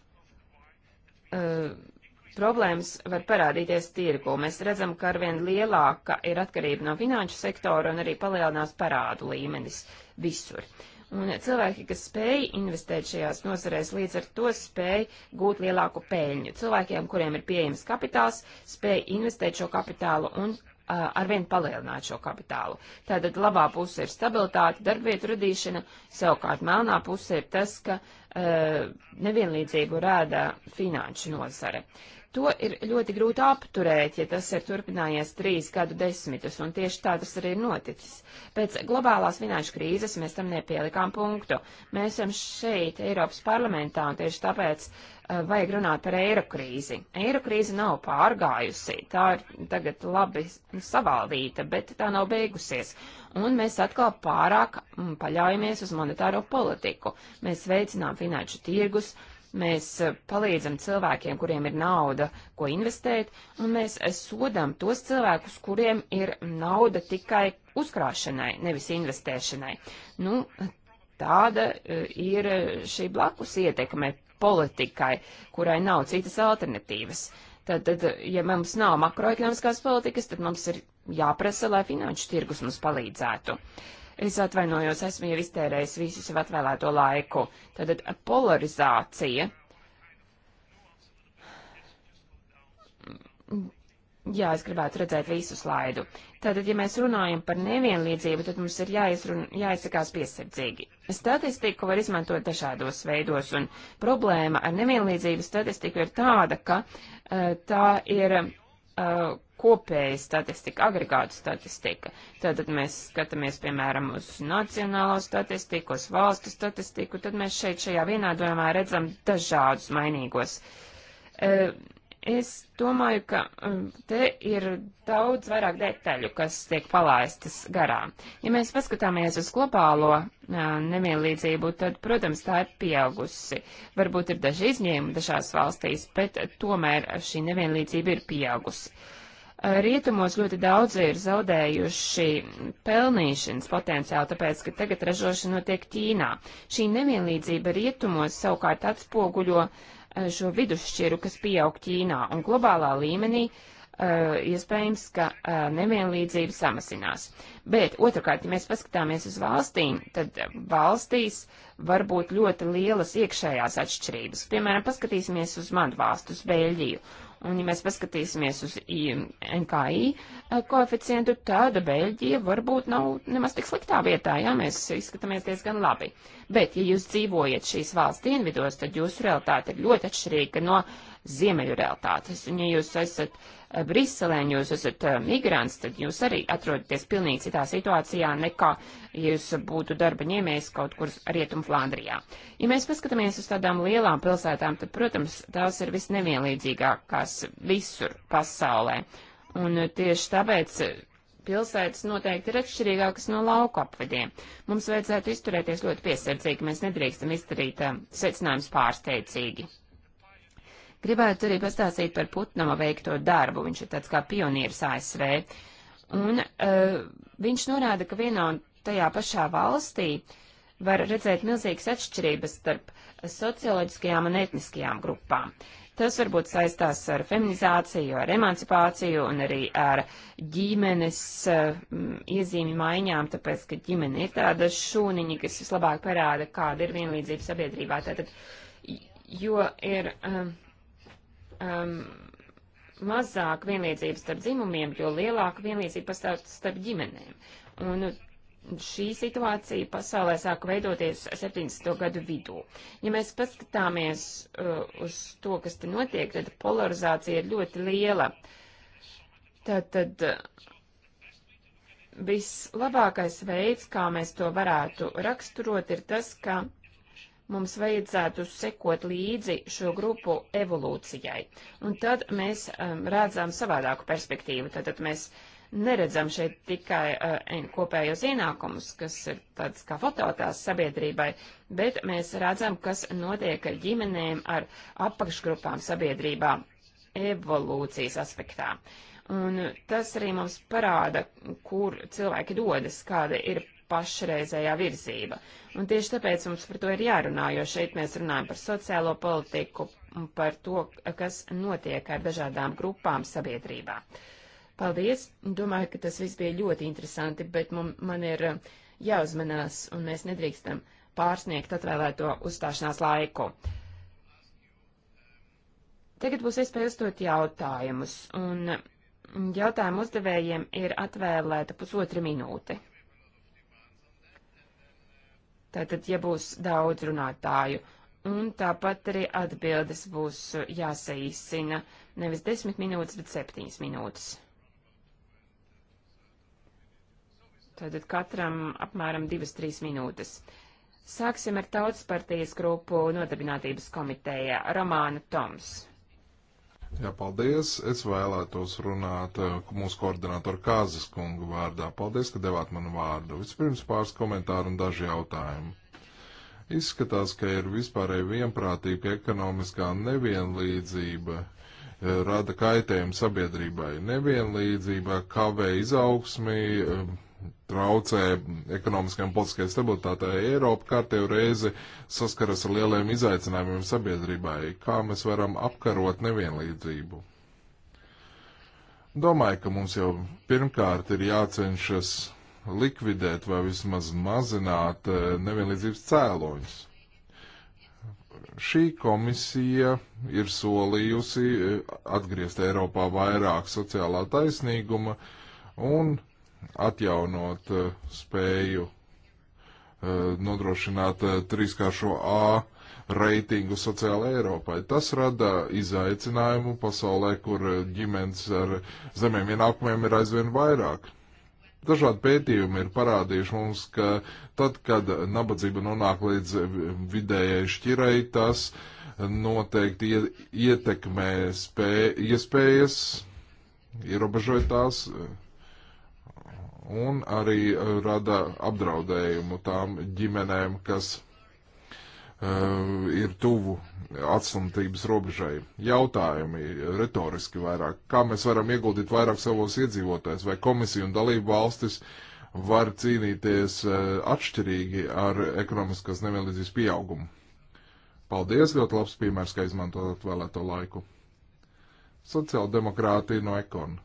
problēmas var parādīties tirgu. Mēs redzam, ka arvien lielāka ir atkarība no finanšu sektora un arī palielinās parādu līmenis visur un cilvēki, kas spēj investēt šajās nozarēs, līdz ar to spēj gūt lielāku peļņu. Cilvēkiem, kuriem ir pieejams kapitāls, spēj investēt šo kapitālu un arvien palielināt šo kapitālu. Tātad labā puse ir stabilitāte, darbvietu radīšana, savukārt melnā puse ir tas, ka uh, nevienlīdzību rāda finanšu nozare. Uh, To ir ļoti grūti apturēt, ja tas ir turpinājies trīs gadu desmitus, un tieši tā tas arī ir noticis. Pēc globālās finanšu krīzes mēs tam nepielikām punktu. Mēs esam šeit, Eiropas parlamentā, un tieši tāpēc uh, vajag runāt par eiro krīzi. Eiro krīze nav pārgājusi, tā ir tagad labi savaldīta, bet tā nav beigusies. Un mēs atkal pārāk mm, paļaujamies uz monetāro politiku. Mēs veicinām finanšu tirgus, uh, Mēs eh, palīdzam cilvēkiem, kuriem ir nauda, ko investēt, un mēs eh, sodam tos cilvēkus, kuriem ir nauda tikai uzkrāšanai, nevis investēšanai. Nu, tāda eh, ir šī blakus ietekme politikai, kurai nav citas alternatīvas. Tad, tad, ja mums nav makroekonomiskās politikas, tad mums ir jāprasa, lai finanšu tirgus mums palīdzētu. Uh, Es atvainojos, esmu jau iztērējis visu sev atvēlēto laiku. Tātad polarizācija. Jā, es gribētu redzēt visu slaidu. Tātad, ja mēs runājam par nevienlīdzību, tad mums ir jāizrun, jāizsakās piesardzīgi. Statistiku var izmantot dažādos veidos, un problēma ar nevienlīdzību statistiku ir tāda, ka uh, tā ir uh, kopēja statistika, agregātu statistika. Tātad mēs skatāmies, piemēram, uz nacionālo statistiku, uz valstu statistiku, tad mēs šeit šajā vienādojumā redzam dažādus mainīgos. Uh, Es domāju, ka um, te ir daudz vairāk detaļu, kas tiek palaistas garām. Ja mēs paskatāmies uz globālo uh, nevienlīdzību, tad, protams, tā ir pieaugusi. Varbūt ir daži izņēmumi dažās valstīs, bet tomēr šī nevienlīdzība ir pieaugusi. Uh, rietumos ļoti daudzi ir zaudējuši pelnīšanas potenciālu, tāpēc, ka tagad ražošana notiek Ķīnā. Šī nevienlīdzība rietumos savukārt atspoguļo uh, Eh, šo vidusšķiru, kas pieaug Ķīnā, un globālā līmenī uh, iespējams, ka uh, nevienlīdzība samazinās. Bet otrkārt, ja mēs paskatāmies uz valstīm, tad valstīs var būt ļoti lielas iekšējās atšķirības. Piemēram, paskatīsimies uz manu valstu, uz Beļģiju. Un, ja mēs paskatīsimies uz NKI eh, koeficientu, tad Beļģija varbūt nav nemaz tik sliktā vietā, ja mēs izskatāmies diezgan labi. Bet, ja jūs dzīvojat šīs valsts dienvidos, tad jūsu realitāte ir ļoti atšķirīga no uh, ziemeļu realitātes. Un ja jūs esat eh, Briselē, un jūs esat eh, migrants, tad jūs arī atrodaties pilnīgi citā situācijā nekā, ja jūs būtu darba ņēmējs kaut kur rietum Flandrijā. Ja mēs paskatāmies uz tādām lielām pilsētām, tad, protams, tās ir visnevienlīdzīgākās visur pasaulē. Un eh, tieši tāpēc pilsētas noteikti ir atšķirīgākas no lauku apvediem. Mums vajadzētu izturēties ļoti piesardzīgi, mēs nedrīkstam izdarīt secinājumus pārsteidzīgi. Gribētu arī pastāstīt par Putnama veikto darbu, viņš ir tāds kā pionieris ASV. Un uh, viņš norāda, ka vienā un tajā pašā valstī var redzēt milzīgas atšķirības starp socioloģiskajām un etniskajām grupām. Tas varbūt saistās ar feminizāciju, ar emancipāciju un arī ar ģimenes uh, iezīmi maiņām, tāpēc, ka ģimene ir tāda šūniņa, kas vislabāk parāda, kāda ir vienlīdzība sabiedrībā. Tātad, jo ir uh, um, mazāk vienlīdzības starp dzimumiem, jo lielāka vienlīdzība pastāv starp ģimenēm. Un šī situācija pasaulē sāka veidoties 70. gadu vidū. Ja mēs paskatāmies uh, uz to, kas te notiek, tad polarizācija ir ļoti liela. Tad, tad uh, vislabākais veids, kā mēs to varētu raksturot, ir tas, ka mums vajadzētu sekot līdzi šo grupu evolūcijai. Un tad mēs um, redzam savādāku perspektīvu. Tad, tad mēs neredzam šeit tikai uh, kopējos ienākumus, kas ir tāds kā fototās sabiedrībai, bet mēs redzam, kas notiek ar ģimenēm, ar apakšgrupām sabiedrībā evolūcijas aspektā. Un tas arī mums parāda, kur cilvēki dodas, kāda ir pašreizējā virzība. Un tieši tāpēc mums par to ir jārunā, jo šeit mēs runājam par sociālo politiku un par to, kas notiek ar dažādām grupām sabiedrībā. Paldies! Domāju, ka tas viss bija ļoti interesanti, bet man, man ir uh, jāuzmanās, un mēs nedrīkstam pārsniegt atvēlēto uzstāšanās laiku. Tagad būs iespēja uzdot jautājumus, un jautājumu uzdevējiem ir atvēlēta pusotra minūte. Tātad, ja būs daudz runātāju, un tāpat arī atbildes būs jāsaīsina nevis 10 minūtes, bet 7 minūtes. Tātad katram apmēram 2-3 minūtes. Sāksim ar Tautas partijas grupu nodarbinātības komiteja Romāna Toms. Jā, paldies. Es vēlētos runāt eh, mūsu koordinātoru Kāzes kungu vārdā. Paldies, ka devāt man vārdu. Vispirms pāris komentāru un daži jautājumi. Izskatās, ka ir vispārēji vienprātība, ka ekonomiskā nevienlīdzība eh, rada kaitējumu sabiedrībai. Nevienlīdzība kavē izaugsmi, eh, traucē ekonomiskajai un politiskajai stabilitātei. Eiropa kārtējo reizi saskaras ar lieliem izaicinājumiem sabiedrībai. Kā mēs varam apkarot nevienlīdzību? Domāju, ka mums jau pirmkārt ir jācenšas likvidēt vai vismaz mazināt eh, nevienlīdzības cēloņus. Šī komisija ir solījusi eh, atgriezt Eiropā vairāk sociālā taisnīguma un atjaunot eh, spēju eh, nodrošināt eh, trīskāršo A reitingu sociālajai Eiropai. Tas rada izaicinājumu pasaulē, kur ģimenes ar zemiem ienākumiem ir aizvien vairāk. Dažādi pētījumi ir parādījuši mums, ka tad, kad nabadzība nonāk līdz vidējai šķirai, tas noteikti ietekmē spē, iespējas, ierobežoja tās un arī eh, rada apdraudējumu tām ģimenēm, kas uh, ir tuvu atslimtības robežai. Jautājumi retoriski vairāk, kā mēs varam ieguldīt vairāk savos iedzīvotājs, vai komisija un dalību valstis var cīnīties uh, atšķirīgi ar ekonomiskās nevienlīdzības pieaugumu. Paldies, ļoti labs piemērs, ka izmantot atvēlēto laiku. Sociāldemokrātija no Ekona.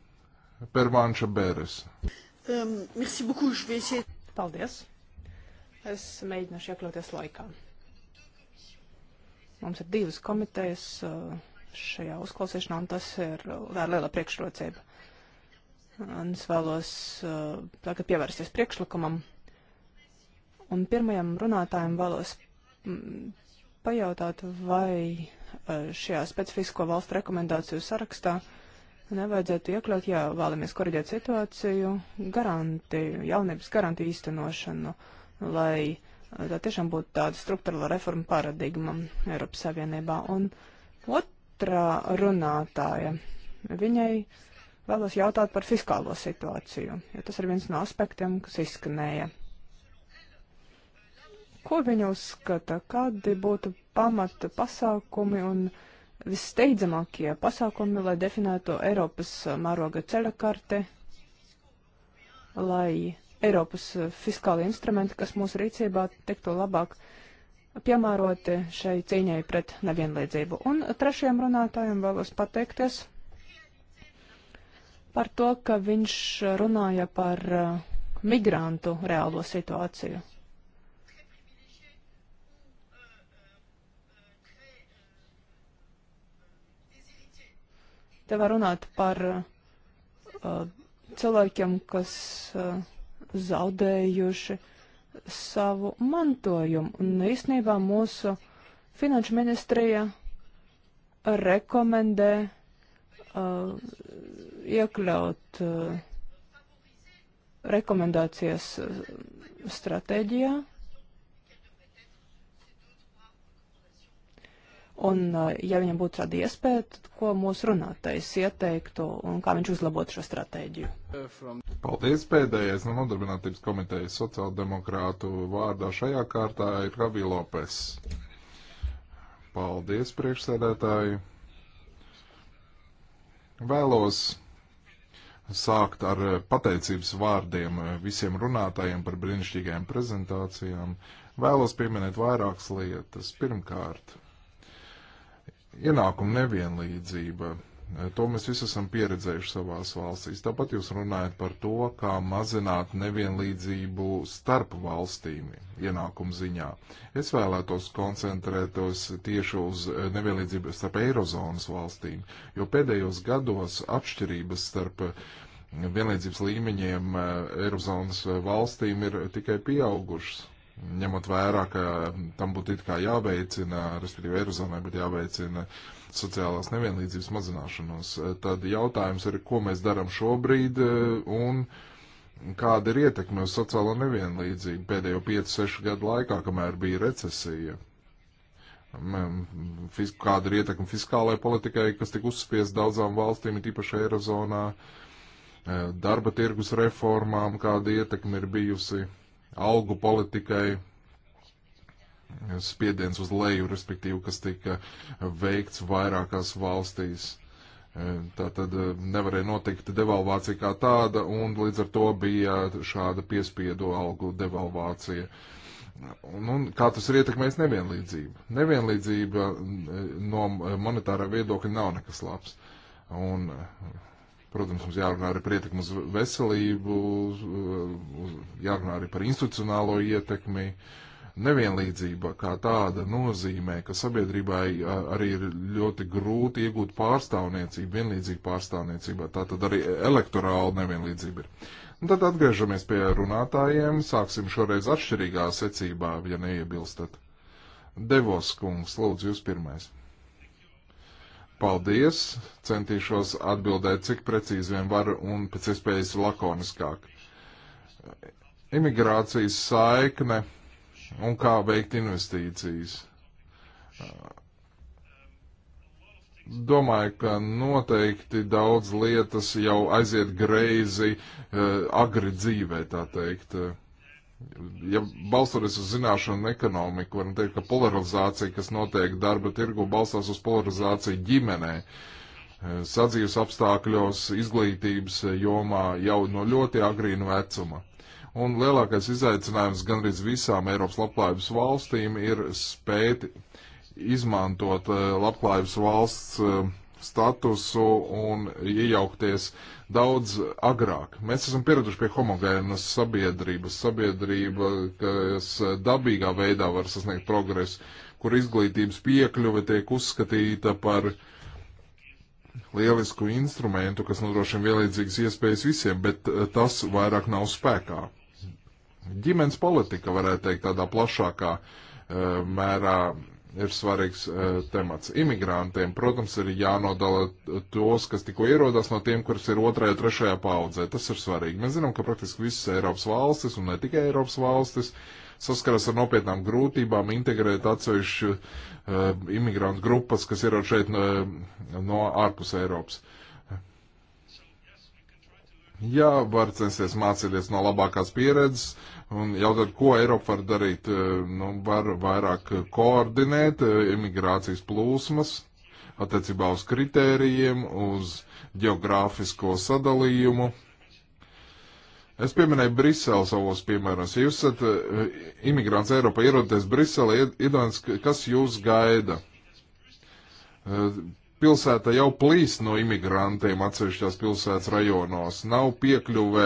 Pervānša Bēres. Um, merci beaucoup, je vais essayer. Paldies. Es mēģināšu iekļauties laikā. Mums ir divas komitejas uh, šajā uzklausīšanā, un tas ir vēl uh, liela priekšrocība. Un es vēlos uh, tagad pievērsties priekšlikumam. Un pirmajam runātājam vēlos mm, pajautāt, vai šajā specifisko valstu rekomendāciju sarakstā uh, nevajadzētu iekļaut, ja vēlamies korģēt situāciju, garantiju, jaunības garantiju īstenošanu, lai eh, tā tiešām būtu tāda struktūrāla reforma paradigma Eiropas Savienībā. Un otrā runātāja, viņai vēlos jautāt par fiskālo situāciju, jo tas ir viens no aspektiem, kas izskanēja. Ko viņa uzskata, kādi būtu pamata pasākumi un pasākumi? vissteidzamākie pasākumi, lai definētu Eiropas uh, mēroga ceļa karte, lai Eiropas uh, fiskāli instrumenti, kas mūsu rīcībā tiktu labāk piemēroti šai cīņai pret nevienlīdzību. Un trešajam runātājam vēlos pateikties par to, ka viņš runāja par uh, migrantu reālo situāciju. Te var runāt par uh, cilvēkiem, kas uh, zaudējuši savu mantojumu. Un īstenībā mūsu finanšu ministrija rekomendē uh, iekļaut uh, rekomendācijas uh, stratēģijā. Uh, Un, eh, ja viņam būtu tāda iespēja, tad ko mūsu runātais ieteiktu un kā viņš uzlabotu šo stratēģiju? Paldies pēdējais no nodarbinātības komitejas sociāldemokrātu vārdā šajā kārtā ir Ravi Lopes. Paldies priekšsēdētāji. Vēlos sākt ar pateicības vārdiem visiem runātājiem par brīnišķīgajām prezentācijām. Vēlos pieminēt vairākas lietas. Pirmkārt, ienākuma nevienlīdzība. To mēs visi esam pieredzējuši savās valstīs. Tāpat jūs runājat par to, kā mazināt nevienlīdzību starp valstīm ienākumu ziņā. Es vēlētos koncentrētos tieši uz nevienlīdzību starp Eirozonas valstīm, jo pēdējos gados atšķirības starp vienlīdzības līmeņiem Eirozonas valstīm ir tikai pieaugušas ņemot vērā, ka tam būtu it kā jāveicina, respektīvi Eirozonai būtu jāveicina sociālās nevienlīdzības mazināšanos. Eh, tad jautājums ir, ko mēs darām šobrīd eh, un kāda ir ietekme uz sociālo nevienlīdzību pēdējo 5-6 gadu laikā, kamēr bija recesija. Kāda ir ietekme fiskālajai politikai, kas tika uzspies daudzām valstīm, it īpaši Eirozonā, eh, darba tirgus reformām, kāda ietekme ir bijusi algu politikai, spiediens uz leju, respektīvi, kas tika veikts vairākās valstīs. E, tā tad e, nevarēja notikt devalvācija kā tāda, un līdz ar to bija šāda piespiedu algu devalvācija. Un, un kā tas ir ietekmējis nevienlīdzību? Nevienlīdzība e, no monetārā viedokļa nav nekas labs. Un Protams, mums jārunā arī par ietekmi uz veselību, jārunā arī par institucionālo ietekmi. Nevienlīdzība kā tāda nozīmē, ka sabiedrībai arī ir ļoti grūti iegūt pārstāvniecību, vienlīdzību pārstāvniecībā. Tā tad arī elektorāla nevienlīdzība ir. Un tad atgriežamies pie runātājiem, sāksim šoreiz atšķirīgā secībā, ja neiebilstat. Devos kungs, lūdzu, jūs pirmais. Paldies! Centīšos atbildēt, cik precīzi vien varu un pēc iespējas lakoniskāk. Imigrācijas saikne un kā veikt investīcijas. Domāju, ka noteikti daudz lietas jau aiziet greizi, eh, agri dzīvē, tā teikt. Uh, ja balstoties uz zināšanu un ekonomiku, varam teikt, ka polarizācija, kas notiek darba tirgu, balstās uz polarizāciju ģimenē, sadzīves apstākļos, izglītības jomā jau no ļoti agrīna vecuma. Un lielākais izaicinājums gandrīz visām Eiropas labklājības valstīm ir spēt izmantot eh, labklājības valsts eh, statusu un iejaukties daudz agrāk. Mēs esam pieraduši pie homogēnas sabiedrības, sabiedrība, kas dabīgā veidā var sasniegt progresu, kur izglītības piekļuve tiek uzskatīta par lielisku instrumentu, kas nodrošina vienlīdzīgas iespējas visiem, bet eh, tas vairāk nav spēkā. Ģimenes politika, varētu teikt, tādā plašākā uh, mērā ir svarīgs uh, temats. Imigrantiem, protams, ir jānodala tos, kas tikko ierodas no tiem, kurus ir otrajā, trešajā paudzē. Tas ir svarīgi. Mēs zinām, ka praktiski visas Eiropas valstis, un ne tikai Eiropas valstis, saskaras ar nopietnām grūtībām integrēt atsevišķu uh, imigrantu grupas, kas ierod šeit no, e, no ārpus Eiropas. Jā, var censties mācīties no labākās pieredzes. Uh, Un jautāt, ko Eiropa var darīt, e, nu, var vairāk koordinēt e, imigrācijas plūsmas attiecībā uz kritērijiem, uz geogrāfisko sadalījumu. Es pieminēju Briselu savos piemēros. Ja jūs esat e, imigrants Eiropā, ierodaties Briselē, iedomājieties, kas jūs gaida pilsēta jau plīs no imigrantiem atsevišķās pilsētas rajonos. Nav piekļuvē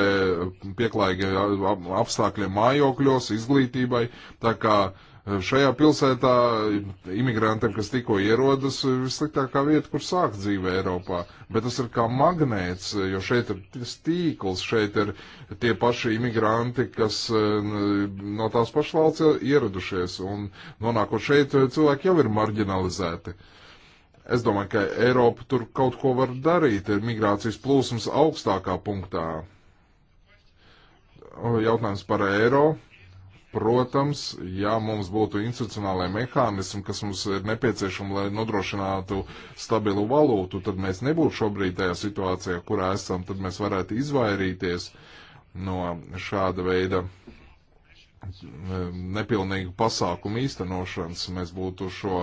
pieklājīgi apstākļiem mājokļos, izglītībai, tā kā eh, šajā pilsētā imigrantiem, kas tikko ierodas, ir vissliktākā vieta, kur sākt dzīve Eiropā. Bet tas ir kā magnēts, jo šeit ir stīkls, šeit ir tie paši imigranti, kas eh, no tās pašas valsts ieradušies. Un nonākot šeit, eh, cilvēki jau ir marginalizēti. Uh, Es domāju, ka Eiropa tur kaut ko var darīt. Ir migrācijas plūsmas augstākā punktā. Jautājums par eiro. Protams, ja mums būtu institucionālai mehānismi, kas mums ir nepieciešami, lai nodrošinātu stabilu valūtu, tad mēs nebūtu šobrīd tajā situācijā, kurā esam, tad mēs varētu izvairīties no šāda veida uh, nepilnīgu pasākumu īstenošanas. Mēs būtu šo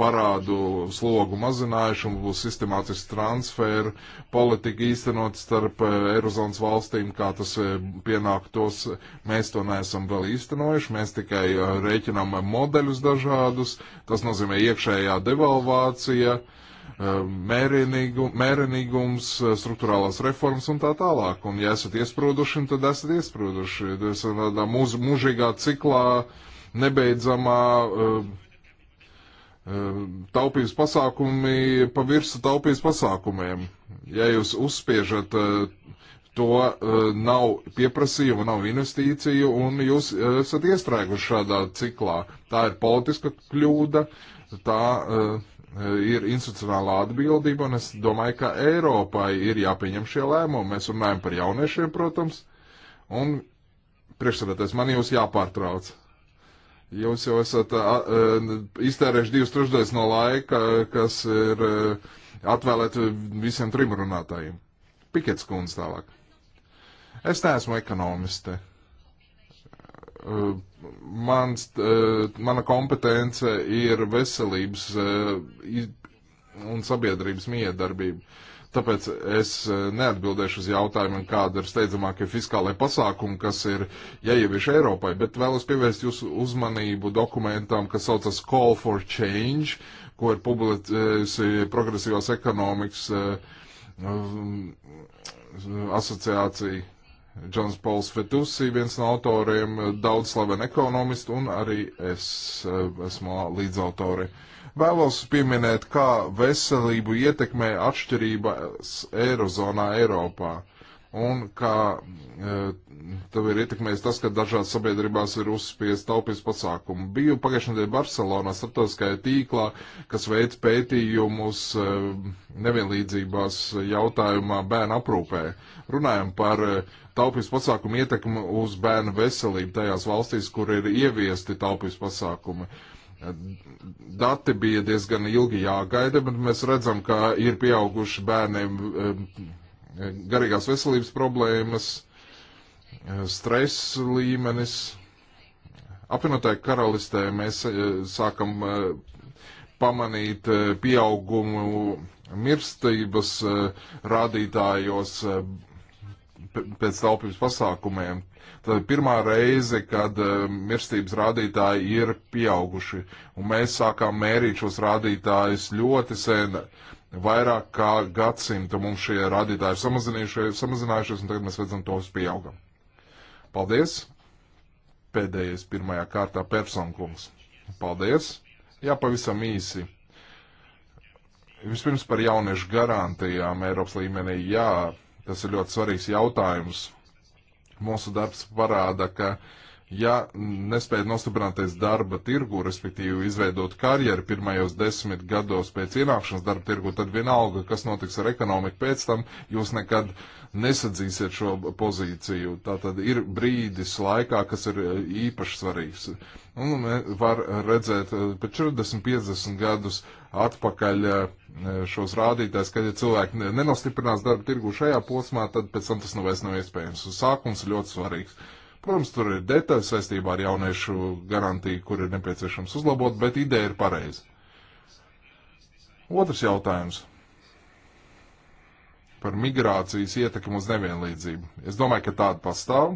parādu slogu mazinājuši un būs sistemātiski transferu politika īstenot starp eh, Eirozonas valstīm, kā tas eh, pienāktos. Mēs to neesam vēl īstenojuši, mēs tikai eh, rēķinām modeļus dažādus. Tas nozīmē iekšējā devalvācija. Uh, Eh, mērenīgu, mērenīgums, eh, struktūrālās reformas un tā tālāk. Un ja esat iesprūduši, tad esat iesprūduši. Tas ir tādā mūž, mūžīgā ciklā, nebeidzamā eh, taupības pasākumi pa virsu taupības pasākumiem. Ja jūs uzspiežat to nav pieprasījuma, nav investīciju, un jūs esat iestrēguši šādā ciklā. Tā ir politiska kļūda, tā uh, ir institucionālā atbildība, un es domāju, ka Eiropai ir jāpieņem šie lēmumi. Mēs runājam par jauniešiem, protams, un priekšsēdētājs man jūs jāpārtrauc. Jūs jau esat iztērējuši divas trešdaļas no laika, kas ir atvēlēt visiem trim runātājiem. Pikets kundze tālāk. Es neesmu ekonomiste mans, eh, mana kompetence ir veselības eh, un sabiedrības miedarbība. Tāpēc es eh, neatbildēšu uz jautājumiem, kāda ir steidzamākie fiskālai pasākumi, kas ir jāievieš Eiropai, bet vēlos pievērst jūsu uzmanību dokumentam, kas saucas Call for Change, ko ir publicējusi progresīvās ekonomikas mm, asociācija Džons Pols Fetusi, viens no autoriem, daudz slavenu ekonomistu, un arī es eh, esmu līdzautori. Vēlos pieminēt, kā veselību ietekmē atšķirības Eirozonā Eiropā un kā e, tev ir ietekmējis tas, ka dažās sabiedrībās ir uzspiest taupības pasākumu. Biju pagājušajā nedēļā Barcelonā starptautiskajā tīklā, kas veic pētījumus e, nevienlīdzībās jautājumā bērnu aprūpē. Runājam par e, taupības pasākumu ietekmi uz bērnu veselību tajās valstīs, kur ir ieviesti taupības pasākumi. Dati bija diezgan ilgi jāgaida, bet mēs redzam, ka ir pieauguši bērniem garīgās veselības problēmas, stress līmenis. Apvienotāju karalistē mēs eh, sākam eh, pamanīt eh, pieaugumu mirstības rādītājos pēc taupības pasākumiem. Tā ir pirmā reize, kad mirstības rādītāji ir pieauguši, un mēs sākām mērīt šos rādītājus ļoti sen. Vairāk kā gadsimta mums šie rādītāji ir samazinājušies, un tagad mēs redzam tos pieaugam. Paldies! Pēdējais pirmajā kārtā personkums. Paldies! Jā, pavisam īsi. Vispirms par jauniešu garantijām Eiropas līmenī. Jā, tas ir ļoti svarīgs jautājums. Mūsu darbs parāda, ka uh, ja nespēja nostiprināties darba tirgu, respektīvi izveidot karjeru pirmajos desmit gados pēc ienākšanas darba tirgu, tad vienalga, kas notiks ar ekonomiku pēc tam, jūs nekad nesadzīsiet šo pozīciju. Tā tad ir brīdis laikā, kas ir īpaši svarīgs. Un var redzēt eh, pēc 40, 50 gadus atpakaļ eh, šos rādītājus, ka, ja cilvēki nenostiprinās darba tirgu šajā posmā, tad pēc tam tas nav nu vairs nav iespējams. Sākums ļoti svarīgs Protams, tur ir detaļas saistībā ar jauniešu garantiju, kur ir nepieciešams uzlabot, bet ideja ir pareiza. Otrs jautājums par migrācijas ietekmu uz nevienlīdzību. Es domāju, ka tāda pastāv,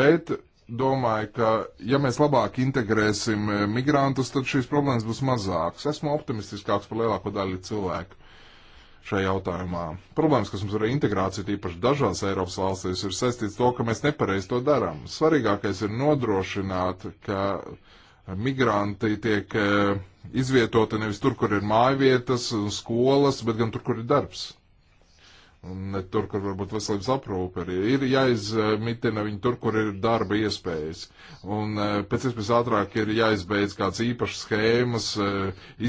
bet domāju, ka ja mēs labāk integrēsim migrantus, tad šīs problēmas būs mazākas. Esmu optimistiskāks par lielāko daļu cilvēku šajā jautājumā. Problēmas, kas mums ir integrācija, tīpaši dažās Eiropas valstīs, ir saistīts to, ka mēs nepareiz to darām. Svarīgākais ir nodrošināt, ka migranti tiek e, izvietoti nevis tur, kur ir mājvietas un skolas, bet gan tur, kur ir darbs. Un ne tur, kur varbūt veselības aprūpe ir. Ir jāizmitina viņi tur, kur ir darba iespējas. Un e, pēc iespējas ātrāk ir jāizbeidz kāds īpašs schēmas e,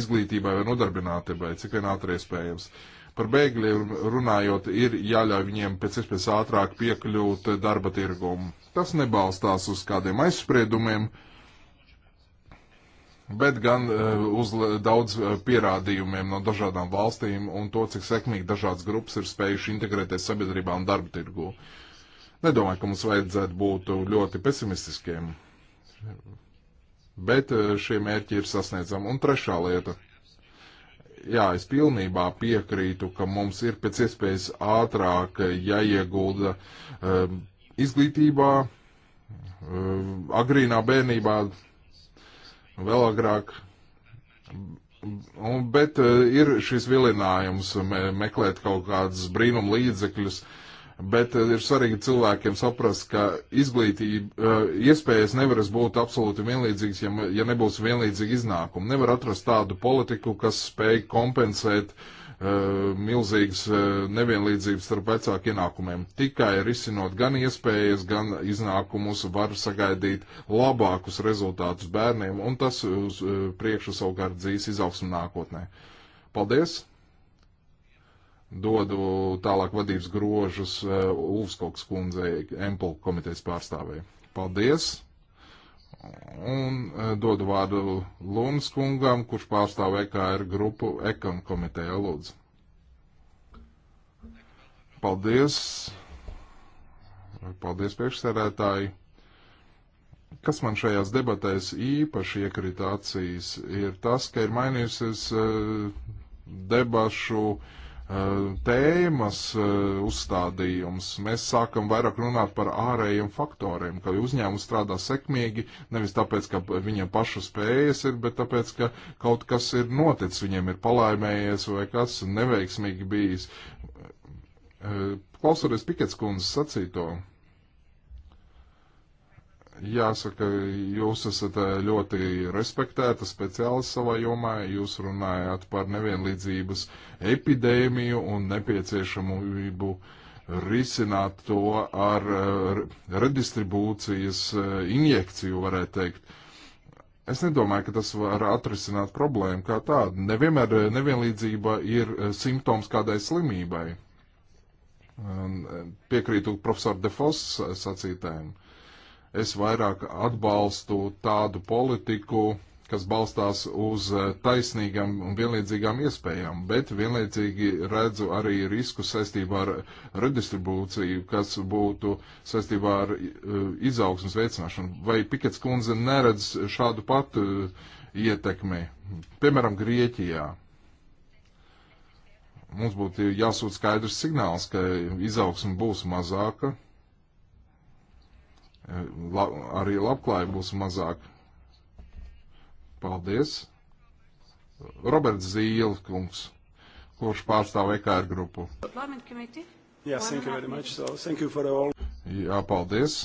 izglītībai vai nodarbinātībai, cik vien ātri iespējams. Uh, Par bēgļiem runājot, ir jāļauj viņiem pēc iespējas ātrāk piekļūt darba tirgumu. Tas nebalstās uz kādiem aizspriedumiem, bet gan eh, uz daudz eh, pierādījumiem no dažādām valstīm un to, cik sekmīgi dažādas grupas ir spējuši integrēties sabiedrībā un darba tirgū. Nedomāju, ka mums vajadzētu būt ļoti pesimistiskiem, bet eh, šie mērķi ir sasniedzami. Un trešā lieta jā, es pilnībā piekrītu, ka mums ir pēc iespējas ātrāk jāiegulda um, izglītībā, um, agrīnā bērnībā, vēl agrāk. Un, bet uh, ir šis vilinājums me meklēt kaut kādas brīnum līdzekļus, uh, Bet eh, ir svarīgi cilvēkiem saprast, ka izglītība, eh, iespējas nevaras būt absolūti vienlīdzīgas, ja, ja nebūs vienlīdzīga iznākuma. Nevar atrast tādu politiku, kas spēj kompensēt uh, milzīgas uh, nevienlīdzības starp vecāku ienākumiem. Tikai risinot gan iespējas, gan iznākumus var sagaidīt labākus rezultātus bērniem, un tas uz uh, priekšu savukārt dzīs izaugsmu nākotnē. Paldies! dodu tālāk vadības grožus eh, Ulfskoks kundzei, Empel komitejas pārstāvēji. Paldies! Un eh, dodu vārdu Lunas kungam, kurš pārstāv EKR grupu Ekon komiteja, lūdzu. Paldies! Paldies priekšsēdētāji! kas man šajās debatēs īpaši iekrita acīs, ir tas, ka ir mainījusies eh, debašu Eh, tēmas eh, uzstādījums. Mēs sākam vairāk runāt par ārējiem faktoriem, ka uzņēmums strādā sekmīgi nevis tāpēc, ka viņam pašu spējas ir, bet tāpēc, ka kaut kas ir noticis, viņiem ir palaimējies vai kas neveiksmīgi bijis. Eh, klausoties Pikets kundzes sacīto, Jāsaka, jūs esat eh, ļoti respektēta speciālis savā jomā. Jūs runājāt par nevienlīdzības epidēmiju un nepieciešamību risināt to ar eh, redistribūcijas eh, injekciju, varētu teikt. Es nedomāju, ka tas var atrisināt problēmu kā tādu. Nevienmēr nevienlīdzība ir simptoms kādai slimībai. Piekrītu profesoru Defos sacītājiem. Uh, es vairāk atbalstu tādu politiku, kas balstās uz eh, taisnīgām un vienlīdzīgām iespējām, bet vienlaicīgi redzu arī risku saistībā ar redistribūciju, kas būtu saistībā ar eh, izaugsmas veicināšanu. Vai Pikets kundze neredz šādu patu eh, ietekmi, piemēram, Grieķijā? Mums būtu jāsūt skaidrs signāls, ka izaugsme būs mazāka, la, arī labklājība būs mazāk. Paldies. Roberts Zīle, kungs, kurš pārstāv EKR grupu. Yes, thank you very much. So, thank you for all. Jā, paldies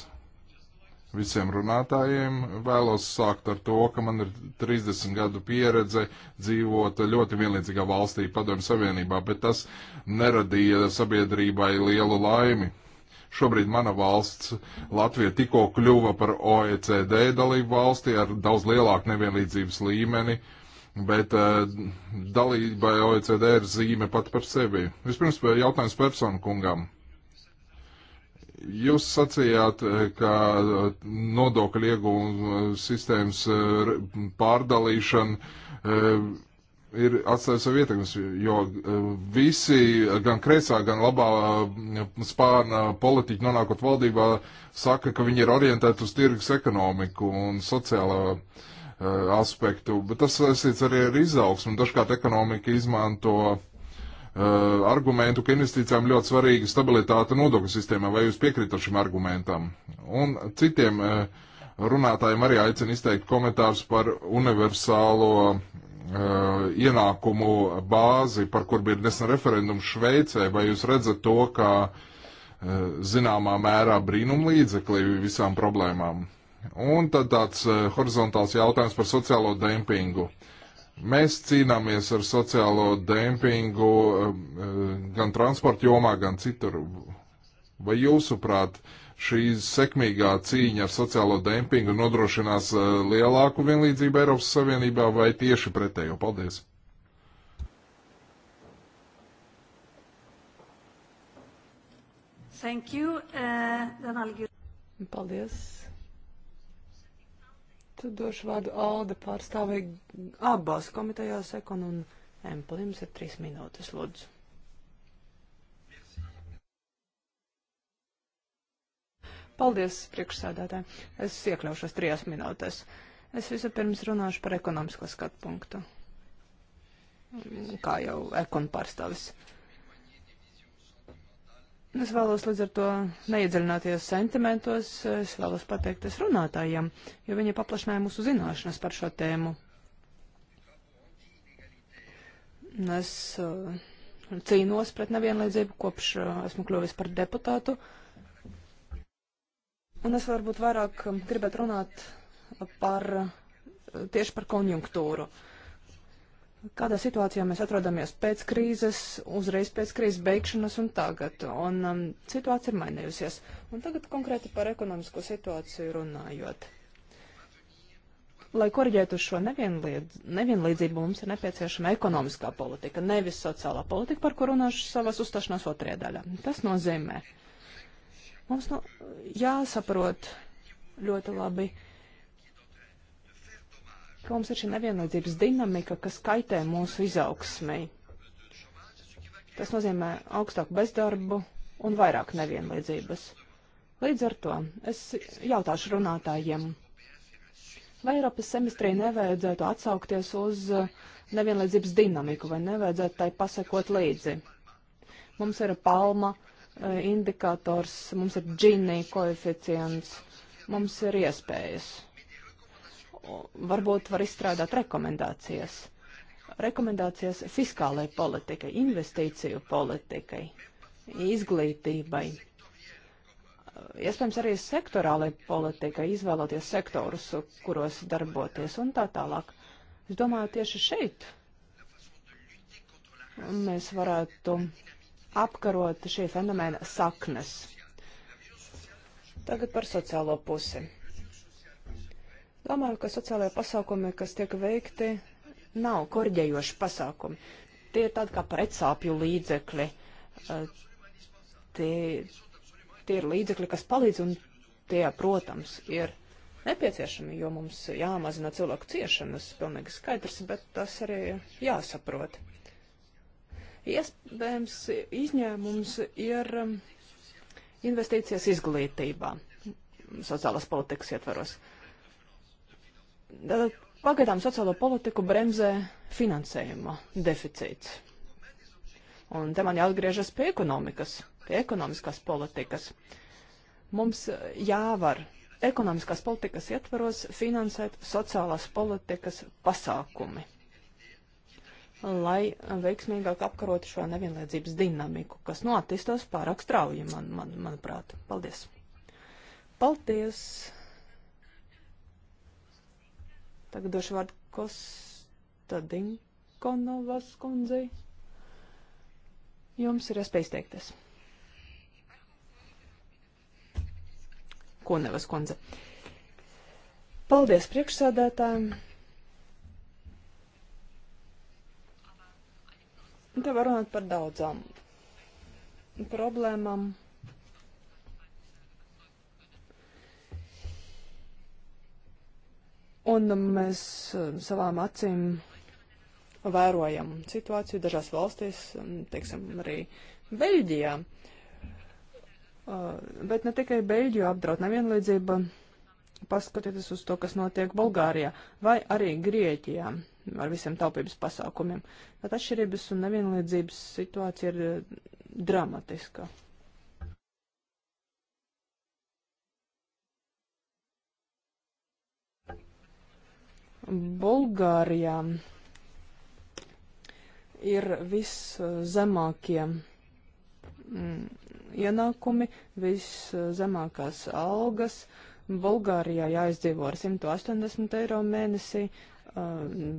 visiem runātājiem. Vēlos sākt ar to, ka man ir 30 gadu pieredze dzīvot ļoti vienlīdzīgā valstī, Padomju Savienībā, bet tas neradīja sabiedrībai lielu laimi. Šobrīd mana valsts, Latvija, tikko kļuva par OECD dalību valsti ar daudz lielāku nevienlīdzības līmeni, bet eh, dalībai OECD ir zīme pat par sevi. Vispirms jautājums personu kungam. Jūs sacījāt, eh, ka eh, nodokļu iegūmu sistēmas pārdalīšana ir atstājis savu ietekmes, jo eh, visi, gan kreisā, gan labā eh, spārna politiķi nonākot valdībā, saka, ka viņi ir orientēti uz tirgus ekonomiku un sociālo uh, aspektu, bet tas saistīts arī ar izaugsmu. Dažkārt ekonomika izmanto uh, argumentu, ka investīcijām ļoti svarīga stabilitāte nodokļu sistēmā, vai jūs piekrītat šim argumentam? Un citiem uh, runātājiem arī aicinu izteikt komentārus par universālo uh, ienākumu bāzi, par kur bija nesen referendums Šveicē, vai jūs redzat to, kā uh, zināmā mērā brīnum līdzekli visām problēmām? Un tad tāds uh, horizontāls jautājums par sociālo dempingu. Mēs cīnāmies ar sociālo dempingu um, uh, gan transporta jomā, gan citur. Vai jūsuprāt, uh, šī sekmīgā cīņa ar sociālo dempingu nodrošinās uh, lielāku vienlīdzību Eiropas Savienībā vai tieši pretējo? Paldies! Thank you. Uh, Paldies. Tad došu vārdu Alde pārstāvē abās komitejās Ekon un Empel. Jums ir trīs minūtes, lūdzu. Paldies, priekšsēdētāji. Es iekļaušos trijās minūtēs. Es vispirms runāšu par ekonomisko skatu punktu, kā jau ekonu pārstāvis. Es vēlos līdz ar to neiedziļināties sentimentos, es vēlos pateikties runātājiem, jo viņi paplašināja mūsu zināšanas par šo tēmu. Es uh, cīnos pret nevienlīdzību, kopš uh, esmu kļuvis par deputātu. Un es varbūt vairāk um, gribētu runāt par, uh, tieši par konjunktūru. Kādā situācijā mēs atrodamies pēc krīzes, uzreiz pēc krīzes beigšanas un tagad? Un um, situācija ir mainījusies. Un tagad konkrēti par ekonomisko situāciju runājot. Lai korģētu šo nevienliedz, nevienlīdzību, mums ir nepieciešama ekonomiskā politika, nevis sociālā politika, par ko runāšu savas uzstāšanās otrajā daļā. Tas nozīmē, uh, Mums nu, jāsaprot ļoti labi, ka mums ir šī nevienlīdzības dinamika, kas kaitē mūsu izaugsmai. Tas nozīmē augstāku bezdarbu un vairāk nevienlīdzības. Līdz ar to es jautāšu runātājiem, vai Eiropas semestrī nevajadzētu atsaukties uz nevienlīdzības dinamiku, vai nevajadzētu tai pasakot līdzi. Mums ir palma uh, Eh, indikators, mums ir džinī koeficients, mums ir iespējas. Varbūt var izstrādāt rekomendācijas. Rekomendācijas fiskālai politikai, investīciju politikai, izglītībai. Eh, iespējams, arī sektorālai politikai, izvēloties sektorus, kuros darboties un tā tālāk. Es domāju, tieši šeit mēs varētu apkarot šī fenomena saknes. Tagad par sociālo pusi. Domāju, ka sociālajie pasākumi, kas tiek veikti, nav korģējoši pasākumi. Tie ir tādi kā pretsāpju līdzekļi. Tie, tie ir līdzekļi, kas palīdz un tie, protams, ir nepieciešami, jo mums jāmazina cilvēku ciešanas, pilnīgi skaidrs, bet tas arī jāsaprot. Iespējams, izņēmums ir um, investīcijas izglītībā, sociālās politikas ietvaros. Pagaidām sociālo politiku bremzē finansējuma deficīts. Un te man jāatgriežas pie ekonomikas, pie ekonomiskās politikas. Mums jāvar ekonomiskās politikas ietvaros finansēt sociālās politikas pasākumi lai veiksmīgāk apkarotu šo nevienlīdzības dinamiku, kas nu attīstās pārāk strauji, man, man, manuprāt. Paldies! Paldies! Tagad došu vārdu Kostadinkonovas kundzei. Jums ir iespēja izteikties. Konevas kundze. Paldies priekšsādētājiem! Nu, te var runāt par daudzām problēmām. Un mēs eh, savām acīm vērojam situāciju dažās valstīs, mm, teiksim, arī Beļģijā. Eh, bet ne tikai Beļģiju apdraud nevienlīdzība, paskatieties uz to, kas notiek Bulgārijā vai arī Grieķijā ar visiem taupības pasākumiem. Tad atšķirības un nevienlīdzības situācija ir eh, dramatiska. Bulgārijā ir viszemākie mm, ienākumi, viszemākās algas. Bulgārijā jāizdzīvo ar 180 eiro mēnesī, uh,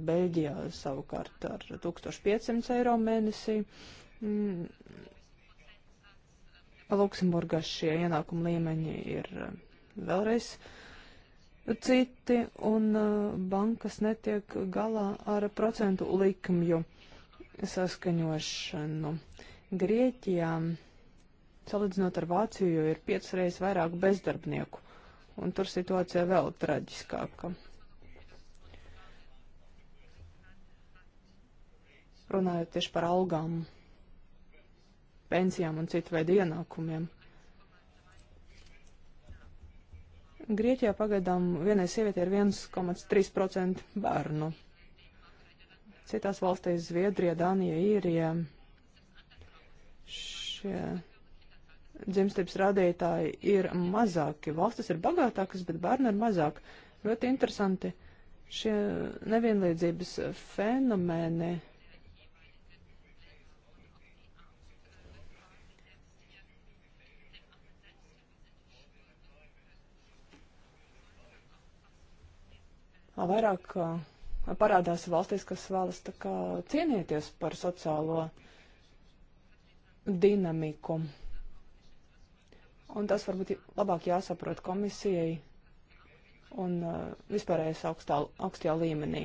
Beļģijā savukārt ar 1500 eiro mēnesī. Mm. Luksemburgā šie ienākuma līmeņi ir mm, vēlreiz citi, un mm, bankas netiek galā ar procentu likmju saskaņošanu. Grieķijā, salīdzinot ar Vāciju, ir piecreiz vairāk bezdarbnieku, un tur situācija vēl traģiskāka. runājot tieši par algām, pensijām un citu veidu ienākumiem. Grieķijā pagaidām vienai sievietei ir 1,3% bērnu. Citās valstīs - Zviedrija, Dānija, Īrija. Šie dzimstības rādītāji ir mazāki. Valstis ir bagātākas, bet bērni ir mazāk. Ļoti interesanti šie nevienlīdzības fenomēni vairāk parādās valstīs, kas vēlas tā kā cienīties par sociālo dinamiku. Un tas varbūt labāk jāsaprot komisijai un uh, vispārējais augstā, augstajā līmenī.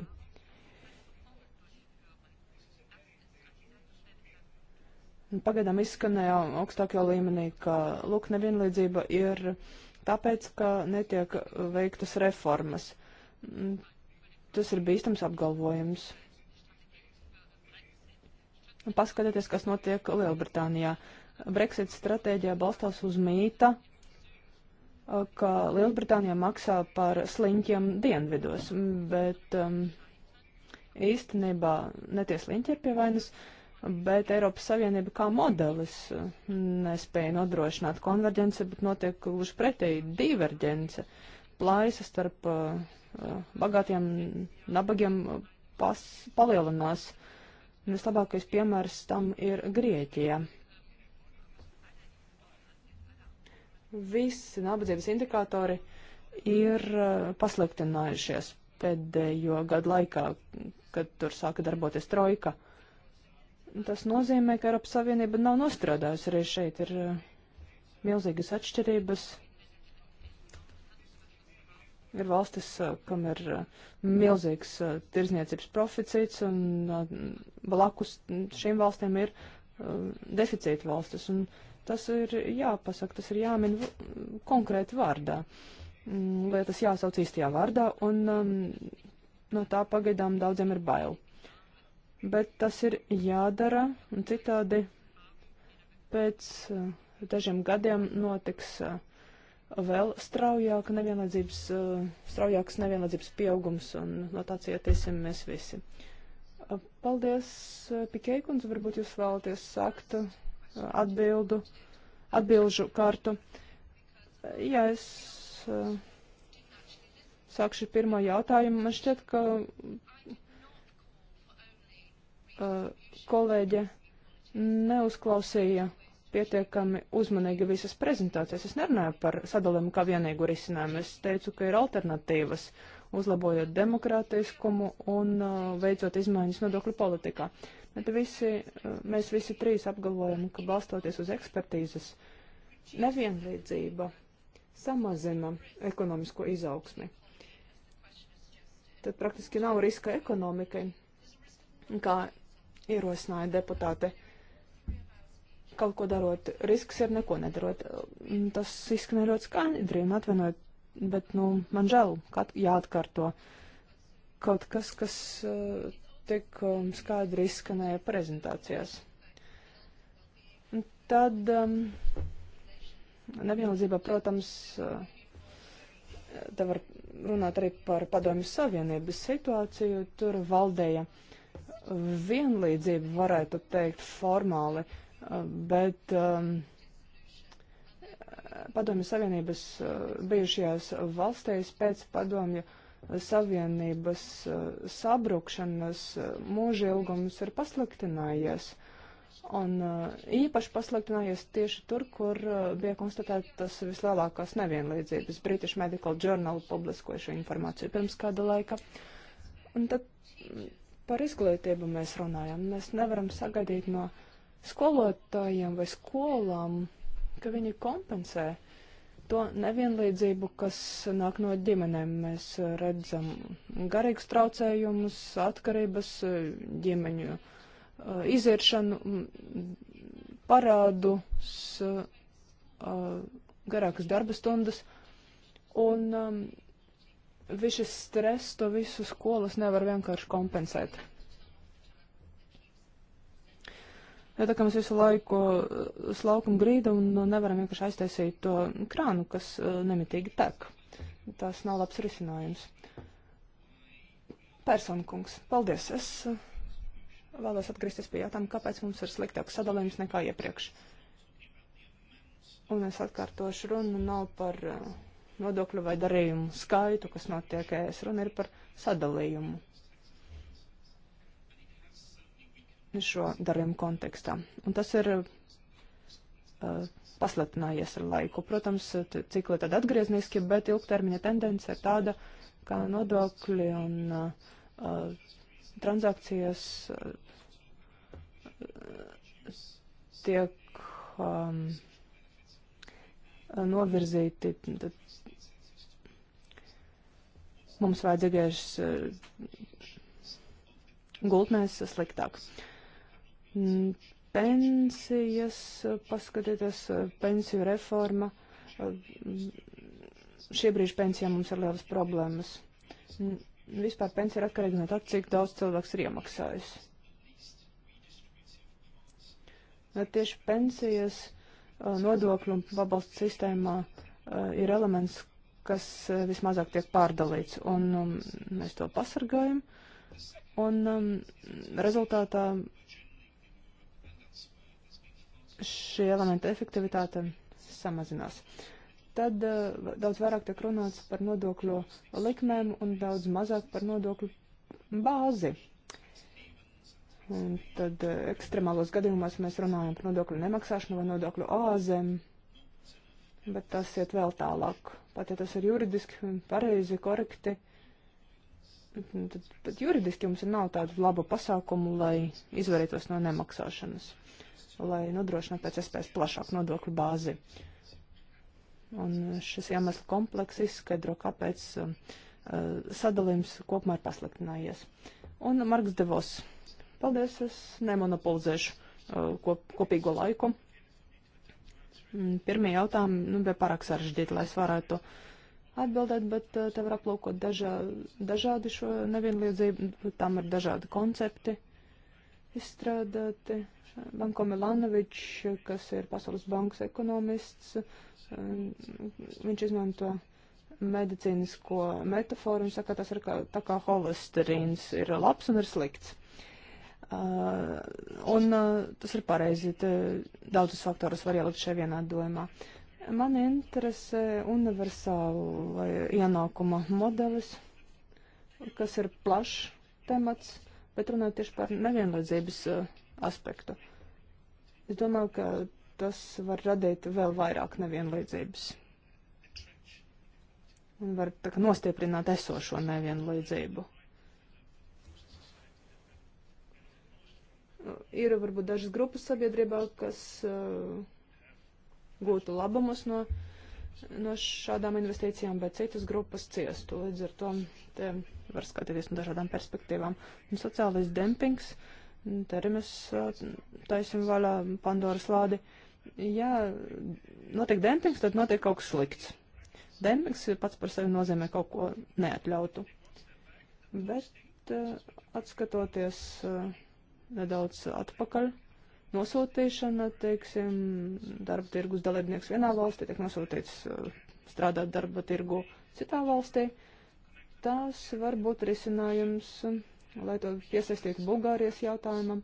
Pagaidām izskanēja augstākajā līmenī, ka lūk, nevienlīdzība ir tāpēc, ka netiek veiktas reformas. Mm, tas ir bīstams apgalvojums. Paskatieties, kas notiek Lielbritānijā. Brexit stratēģijā balstās uz mīta, ka Lielbritānija maksā par sliņķiem dienvidos, bet um, īstenībā ne tie sliņķi ir pie vainas, bet Eiropas Savienība kā modelis nespēja nodrošināt konverģence, bet notiek gluži pretēji diverģence, plājas starp uh, bagātiem, nabagiem pas, palielinās. Vislabākais piemērs tam ir Grieķija. Visi nabadzības indikātori ir eh, pasliktinājušies pēdējo gadu laikā, kad tur sāka darboties trojka. Tas nozīmē, ka Eiropas Savienība nav nostrādājusi arī šeit. Ir eh, milzīgas atšķirības Ir valstis, kam ir milzīgs tirzniecības proficīts, un blakus šīm valstīm ir deficīta valstis. Un tas ir jāpasaka, tas ir jāmin konkrēti vārdā. Lietas mm, jāsauc īstajā vārdā, un um, no tā pagaidām daudziem ir bail. Bet tas ir jādara, un citādi pēc uh, dažiem gadiem notiks. Uh, vēl straujāk nevienlīdzības, eh, straujāks nevienlīdzības pieaugums, un no tā cietiesim mēs visi. Eh, paldies, eh, Pikēkundze, varbūt jūs vēlaties sākt atbildu, atbilžu kārtu. Jā, es sākšu pirmo jautājumu. Man šķiet, ka kolēģe neuzklausīja pietiekami uzmanīgi visas prezentācijas. Es nerunāju par sadalījumu kā vienīgu risinājumu. Es teicu, ka ir alternatīvas, uzlabojot demokrātiskumu un uh, veicot izmaiņas nodokļu politikā. Bet visi, uh, mēs visi trīs apgalvojam, ka balstoties uz ekspertīzes, nevienlīdzība samazina ekonomisko izaugsmi. Tad praktiski nav riska ekonomikai, kā ierosināja deputāte. Uh, kaut ko darot. Risks ir neko nedarot. Mm, Tas izskanē ļoti skaidri, atvainojiet, bet, nu, man žēl, ka jāatkārto kaut kas, kas eh, tik um, skaidri izskanēja prezentācijās. Tad um, nevienlīdzība, protams, eh, te var runāt arī par padomju savienības situāciju, tur valdēja vienlīdzība, varētu teikt, formāli. Uh, bet um, Padomju Savienības uh, bijušajās valstīs pēc Padomju Savienības uh, sabrukšanas uh, mūža ilgums ir pasliktinājies. Un uh, īpaši pasliktinājies tieši tur, kur uh, bija konstatētas vislielākās nevienlīdzības. British Medical Journal publiskoja šo informāciju pirms kāda laika. Un tad par izglītību mēs runājam. Mēs nevaram sagaidīt no uh, skolotājiem vai skolām, ka viņi kompensē to nevienlīdzību, kas nāk no ģimenēm. Mēs redzam garīgus traucējumus, atkarības, ģimeņu uh, iziešanu, mm, parādus, uh, garākas darba stundas. Un um, viss šis stress, to visu skolas nevar vienkārši kompensēt. Jo tā kā mēs visu laiku eh, slaukam grīdu un eh, nevaram vienkārši aiztaisīt to krānu, kas eh, nemitīgi tek. Tas nav labs risinājums. Personkungs, paldies. Es vēlos atgriezties pie jautājuma, kāpēc mums ir sliktāks sadalījums nekā iepriekš. Un es atkārtošu runu nav par nodokļu vai darījumu skaitu, kas notiek ēs. Runa ir par sadalījumu šo darījumu kontekstā. Un tas ir uh, paslatinājies ar laiku. Protams, cikli tad atgriezniski, bet ilgtermiņa tendence ir tāda, ka nodokļi un uh, uh transakcijas uh, tiek um, novirzīti. Tad, mums vajadzīgais uh, gultnēs sliktāk. Uh, Mm, pensijas, paskatieties, eh, pensiju reforma. Eh, mm, šie brīži pensijā mums ir lielas problēmas. Mm, vispār pensija ir atkarīga no tā, cik daudz cilvēks ir iemaksājis. Tieši pensijas eh, nodokļu un pabalstu sistēmā ir elements, kas vismazāk tiek pārdalīts, un um, mēs to pasargājam. Un um, rezultātā šī elementa efektivitāte samazinās. Tad uh, daudz vairāk tiek runāts par nodokļu likmēm un daudz mazāk par nodokļu bāzi. Un tad uh, ekstremālos gadījumos mēs runājam par nodokļu nemaksāšanu vai nodokļu āzēm, bet tas iet vēl tālāk. Pat ja tas ir juridiski pareizi, korekti, nu, tad pat juridiski jums nav tādu labu pasākumu, lai izvairītos no nemaksāšanas lai nodrošinātu pēc iespējas plašāku nodokļu bāzi. Un šis iemeslu kompleks izskaidro, kāpēc um, uh, sadalījums kopumā ir pasliktinājies. Un Marks Devos, paldies, es nemonopolizēšu uh, kop, kopīgo laiku. Mm, pirmie jautājumi nu, bija pārāk sarežģīti, lai es varētu atbildēt, bet uh, te var aplūkot dažā, dažādi šo nevienlīdzību, tam ir dažādi koncepti. Uh, izstrādāti. Banko Milanovičs, kas ir Pasaules bankas ekonomists, viņš izmanto medicīnisko metaforu un saka, tas ir kā, tā kā holesterīns ir labs un ir slikts. Uh, un uh, tas ir pareizi, daudzus faktorus var ielikt šajā vienādojumā. Man interesē universāla ienākuma modelis, kas ir plašs temats. Uh, bet runāt tieši par nevienlīdzības eh, aspektu. Es domāju, ka tas var radīt vēl vairāk nevienlīdzības. Un var tā kā nostieprināt esošo nevienlīdzību. Ir varbūt dažas grupas sabiedrībā, kas uh, gūtu labumus no uh, no šādām investīcijām, bet citas grupas ciestu. Līdz ar to te var skatīties no dažādām perspektīvām. Un sociālais dempings, te arī mēs taisim vaļā Pandoras lādi. Ja notiek dempings, tad notiek kaut kas slikts. Dempings pats par sevi nozīmē kaut ko neatļautu. Bet atskatoties nedaudz atpakaļ, nosūtīšana, teiksim, darba tirgus dalībnieks vienā valstī tiek nosūtīts eh, strādāt darba tirgu citā valstī. Tas var būt risinājums, lai to piesaistītu Bulgārijas jautājumam.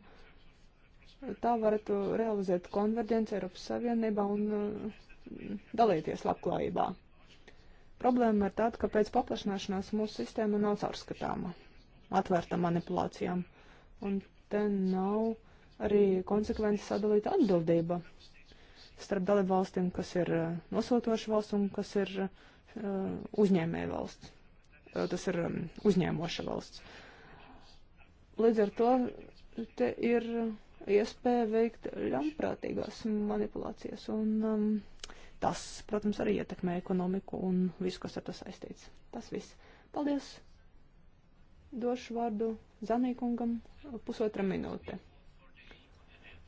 Tā varētu realizēt konverģenci Eiropas Savienībā un eh, dalīties labklājībā. Problēma ir tāda, ka pēc paplašanāšanās mūsu sistēma nav caurskatāma, atvērta manipulācijām. Un te nav arī konsekventi sadalīta atbildība starp dalību valstīm, kas ir eh, nosūtoša valsts un kas ir uh, uzņēmēja valsts. Uh, tas ir um, uzņēmoša valsts. Līdz ar to te ir iespēja veikt ļaunprātīgās manipulācijas, un um, tas, protams, arī ietekmē ekonomiku un visu, kas ar to saistīts. Tas viss. Paldies! Došu vārdu Zanīkungam pusotra minūte.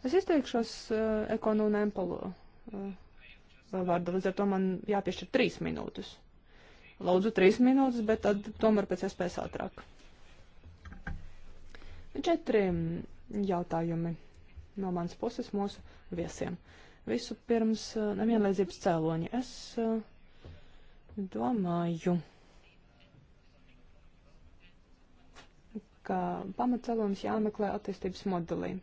Es izteikšos uh, ekonu un empolu uh, eh, vārdu, līdz ar to man jāpiešķir trīs minūtes. Lūdzu, trīs minūtes, bet tad tomēr pēc iespējas ātrāk. Četri mm, jautājumi no manas puses mūsu viesiem. Visu pirms uh, nevienlīdzības cēloņi. Es uh, domāju. ka pamatcēlums jāmeklē attīstības modelī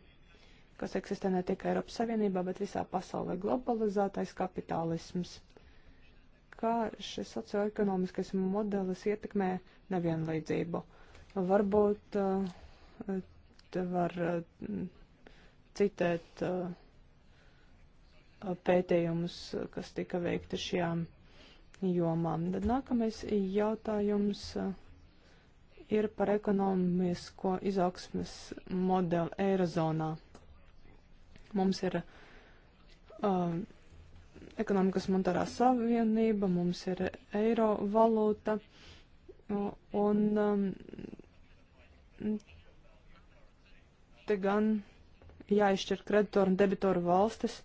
kas eksistē ne tikai Eiropas Savienībā, bet visā pasaulē - globalizētais kapitālisms. Kā šis socioekonomiskais modelis ietekmē nevienlīdzību? Varbūt uh, te var uh, citēt uh, pētījumus, kas tika veikti šajām jomām. Tad nākamais jautājums. Uh, ir par ekonomisko izaugsmes modeli Eirozonā. Mums ir uh, ekonomikas monetārā savienība, mums ir eiro valūta, uh, un um, te gan jāizšķir kreditoru un debitoru valstis.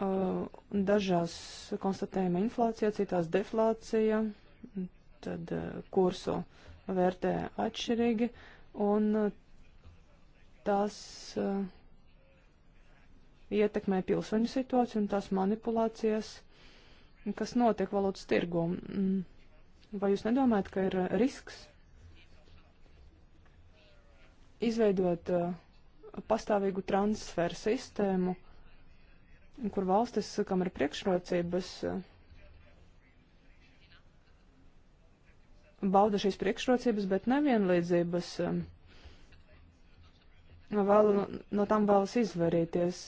Uh, dažās konstatējama inflācija, citās deflācija, tad uh, kursu vērtē atšķirīgi, un uh, tas uh, ietekmē pilsoņu situāciju un tās manipulācijas, kas notiek valūtas tirgu. Mm. Vai jūs nedomājat, ka ir uh, risks izveidot uh, pastāvīgu transferu sistēmu, kur valstis, kam ir priekšrocības, uh, bauda šīs priekšrocības, bet nevienlīdzības um, vēl, no tām vēlas izvairīties.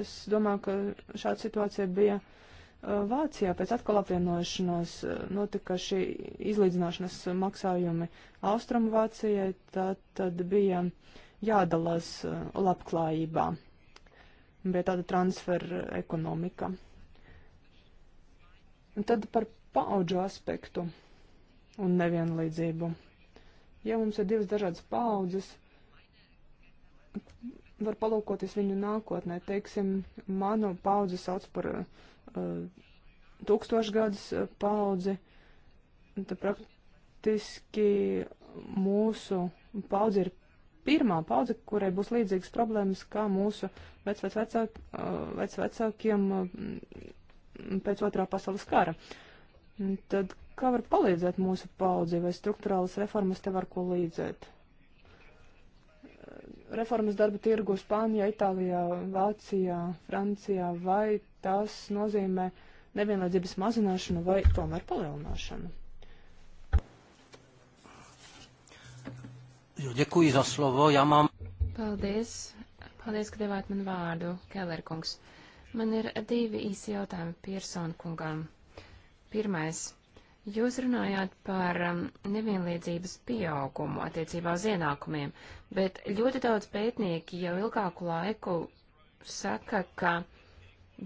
Es domāju, ka šāda situācija bija uh, Vācijā. Pēc atkal apvienošanās uh, notika šī izlīdzināšanas maksājumi Austrumu Vācijai, tad, tad bija jādalās uh, labklājībā. Bija tāda transfera ekonomika. Un tad par paudžu aspektu un nevienlīdzību. Ja mums ir divas dažādas paudzes, var palūkoties viņu nākotnē. Teiksim, manu paudzi sauc par uh, tūkstošgadus eh, paudzi. Tad praktiski mūsu paudze ir pirmā paudze, kurai būs līdzīgas problēmas kā mūsu eh, vecvecākiem vec, vecāk, vec pēc otrā pasaules kara. Tad kā var palīdzēt mūsu paudzei vai struktūrālas reformas te var ko līdzēt? reformas darba tirgu Spānijā, Itālijā, Vācijā, Francijā, vai tas nozīmē nevienlīdzības mazināšanu vai tomēr palielināšanu? Ďakujem za slovo, ja mám... Paldies, paldies, ka devāt man vārdu, Kellerkungs. Man ir divi īsi jautājumi Piersona kungam. Pirmais. Jūs runājāt par um, nevienlīdzības pieaugumu attiecībā uz ienākumiem, bet ļoti daudz pētnieki jau ilgāku laiku saka, ka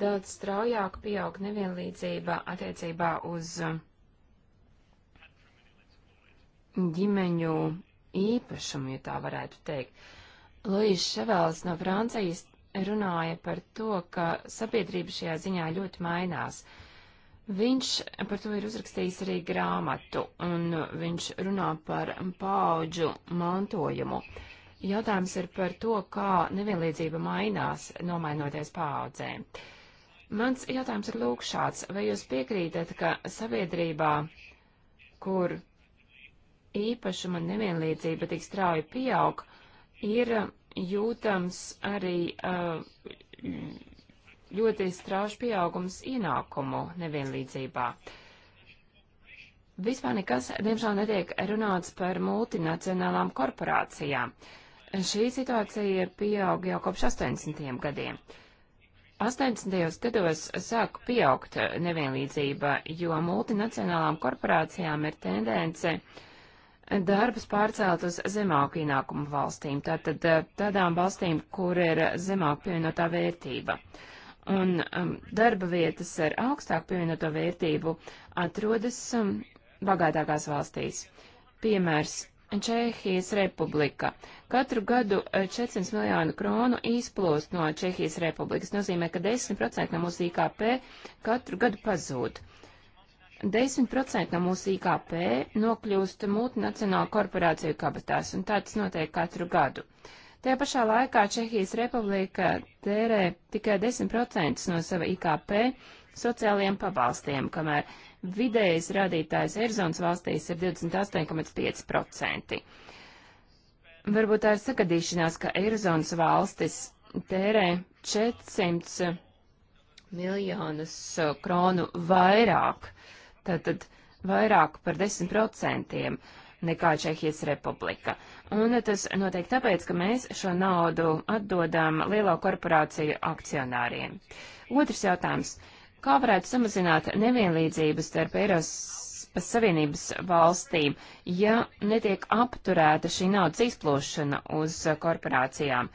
daudz straujāk pieaug nevienlīdzība attiecībā uz um, ģimeņu īpašumu, ja tā varētu teikt. Luīša Ševels no Francijas runāja par to, ka sabiedrība šajā ziņā ļoti mainās. Uh, Viņš par to ir uzrakstījis arī grāmatu, un viņš runā par paudžu mantojumu. Jautājums ir par to, kā nevienlīdzība mainās, nomainoties paudzēm. Mans jautājums ir lūk šāds. Vai jūs piekrītat, ka sabiedrībā, kur īpašuma nevienlīdzība tik strauji pieaug, ir jūtams arī uh, ļoti strauši pieaugums ienākumu nevienlīdzībā. Vispār nekas, diemžēl, netiek runāts par multinacionālām korporācijām. Šī situācija ir pieauga jau kopš 80. gadiem. 80. gados sāk pieaugt nevienlīdzība, jo multinacionālām korporācijām ir tendence uh, darbus pārcelt uz zemāku ienākumu valstīm, tātad eh, tādām valstīm, kur ir zemāk pievienotā vērtība un um, darba vietas ar augstāku pievienoto vērtību atrodas um, bagātākās valstīs. Piemērs - Čehijas republika. Katru gadu 400 uh, miljonu kronu izplūst no Čehijas republikas. Nozīmē, ka 10% no mūsu IKP katru gadu pazūd. 10% no mūsu IKP nokļūst multinacionālu korporāciju kabatās, un tā tas notiek katru gadu. Uh, Tajā pašā laikā Čehijas republika tērē tikai 10% no sava IKP sociālajiem pabalstiem, kamēr vidējais rādītājs Eirozonas valstīs ir 28,5%. Varbūt tā ir sagadīšanās, ka Eirozonas valstis tērē 400 miljonus kronu vairāk, tātad vairāk par 10% nekā Čehijas republika. Un tas notiek tāpēc, ka mēs šo naudu atdodam lielo korporāciju akcionāriem. Otrs jautājums. Kā varētu samazināt nevienlīdzības starp Eiros Savienības valstīm, ja netiek apturēta šī naudas izplūšana uz korporācijām?